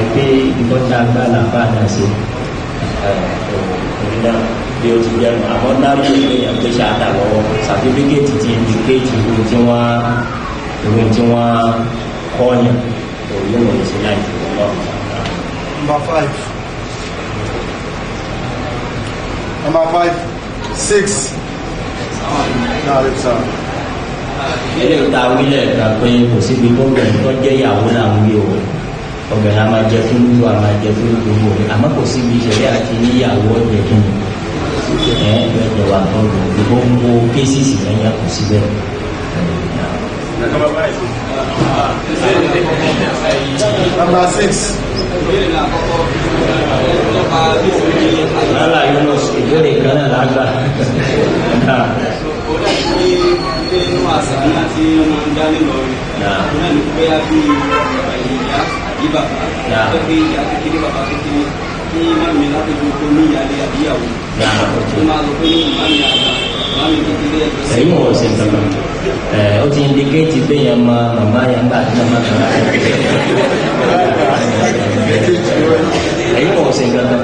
àti ìtọ́jú agbára fáadà sí ìrìnà bí o ti jẹ́ àmọ́ dábò ìgbéyàn tó ṣe àtàlọ́wọ́ sàtífíkẹ́tì ti indicate ìwé tí wọ́n ìwé tí wọ́n kọ́ yàn òun five number five six. eléyìí ta wílẹ̀ kan pé kò síbi tó ń bẹ̀rẹ̀ tó jẹ́ ìyàwó làwọn yóò obìnrin a máa jẹ fún lójú a máa jẹ fún gbogbo rẹ àmọ́ kò síbi ìṣẹ̀lẹ̀ àti níyàwó ọjẹ fún mi ẹ ẹ jọba tó lò gbogbo ń wo kéésìsì lẹ́yìn kò síbẹ̀. Number six. Lọ́la Yunus ìbéèrè kan náà lágbà. Ó dàbí pé ilé inú àṣà náà ti máa ń bí bàbá ó gbé ìyá kékeré bàbá kékeré kí má mi lápẹjù kó ní ìyáálé àbíyàwó ó máa lọ pé ní má mi àgbà má mi kékeré ẹgbẹ sí. ẹ̀yin ò ṣe kankan ó ti indikéètì pé yẹn máa màmá yẹn gbà àti màmá kan láti ẹ̀yin ò ṣe kankan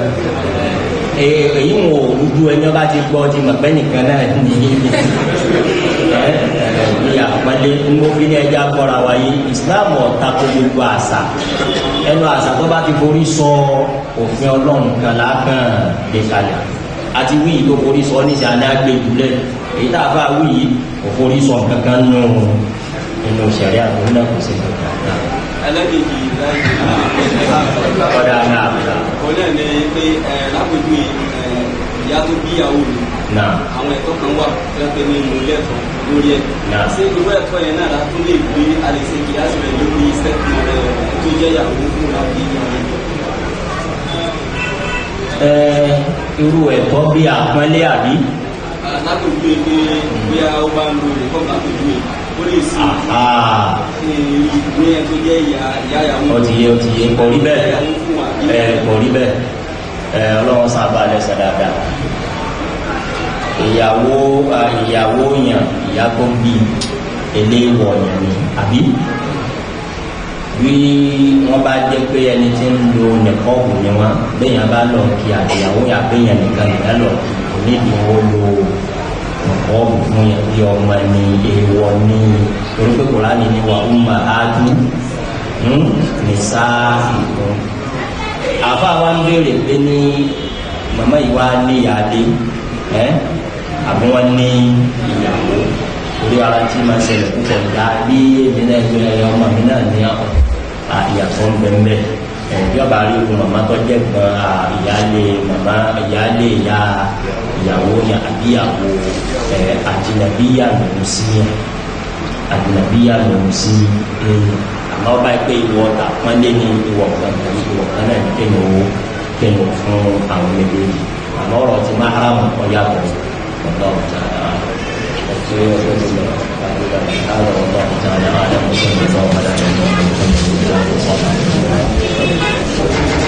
èyí wọn ò dúdú ẹni ọba ti gbọ́ ti mọ̀ nìkan náà nìyí yìí àpọ́nlé ńgbófin ní ẹja kọ́ra wa yìí islam ọ̀ta kó gbogbo àṣà ẹnu àṣà tó bá ti forí sọ òfin ọlọ́run kan lákàn lè kalẹ̀ àti wíyì tó forí sọ níṣẹ́ adágbé ìdúlẹ̀ èyí tá a fà wíyì kò forí sọ kankan nù nínú ìṣẹ̀rí àtúntò náà kò sí kankan. ẹlẹ́gìdì ìlànà ọ̀dà náà. kò náà ní pé lápẹ̀jú ìyá tó bíyàwó mi àwọn ẹ̀kọ́ kan wà fẹ́ pé ní mo lẹ́kọ̀ọ́ lórí ẹ̀ ṣé irú ẹ̀kọ́ yẹn náà látún lè gbé àlèṣe kìláàsì rẹ̀ lórí iṣẹ́ eh, tó jẹ́ ìyàwó fún wa bí ìyàwó. ẹ irú ẹ̀kọ́ bí àpọ́nlé àbí. látòjú ẹ pé bí a ó bá ń lo ẹ̀kọ́ látòjú ẹ ó lè sí ah, ah. ìwé ẹ tó jẹ́ ìyá ìyàwó. ó ti yé ó ti yé kò rí bẹ́ẹ̀ kò rí bẹ́ẹ̀ ọlọ́run sábà lẹ́sẹ̀ dáadáa ìyàwó ìyàwó yàn ìyá tó bí eléwọ̀ yàn ni àbí bí wọ́n bá jẹ́ pé ẹni tí ń lo nìkọ́ọ̀bù ni wọ́n béèyàn bá lọ kí àdìyàwó yà béèyàn nìkan nìkan lọ kí kò ní ìdíwọ́ lo nìkọ́ọ̀bù fún yàn bí ọmọ ni èèwọ̀ ni torí pé kò láàyè ni wà ó máa á dún ní sáà ìgbọ́n àfa wa ń béèrè pé ní màmá yìí wá níyàá dé àbí wọ́n ní ìyàwó orí ara tí máa ṣẹlẹ̀ púpọ̀ dá bí èmi náà gbé ẹyọ ọmọ mi náà ní àwọn ìyàtọ̀ ńbẹ́ńbẹ́ bí ọba rí ikú màmá tó jẹ́ gan ìyáálé màmá ìyáálé ìyá ìyàwó yà àbíyàwó àjìnàbíyà lòún sí yẹn àjìnàbíyà lòún sí yẹn àmọ́ ọba pé ìwọ ta pọ́nlé ní ìwọ kan tàbí ìwọ kan náà ní kéwòn kéwòn fún àwọn ẹgbẹ́ yìí àmọ́ ọ̀rọ̀ ti máa hàrà mọ̀ ọ́ 到我家我所以我就是把这个带着我到我家呀，然后送的时候还在门口，送礼物，送花，送礼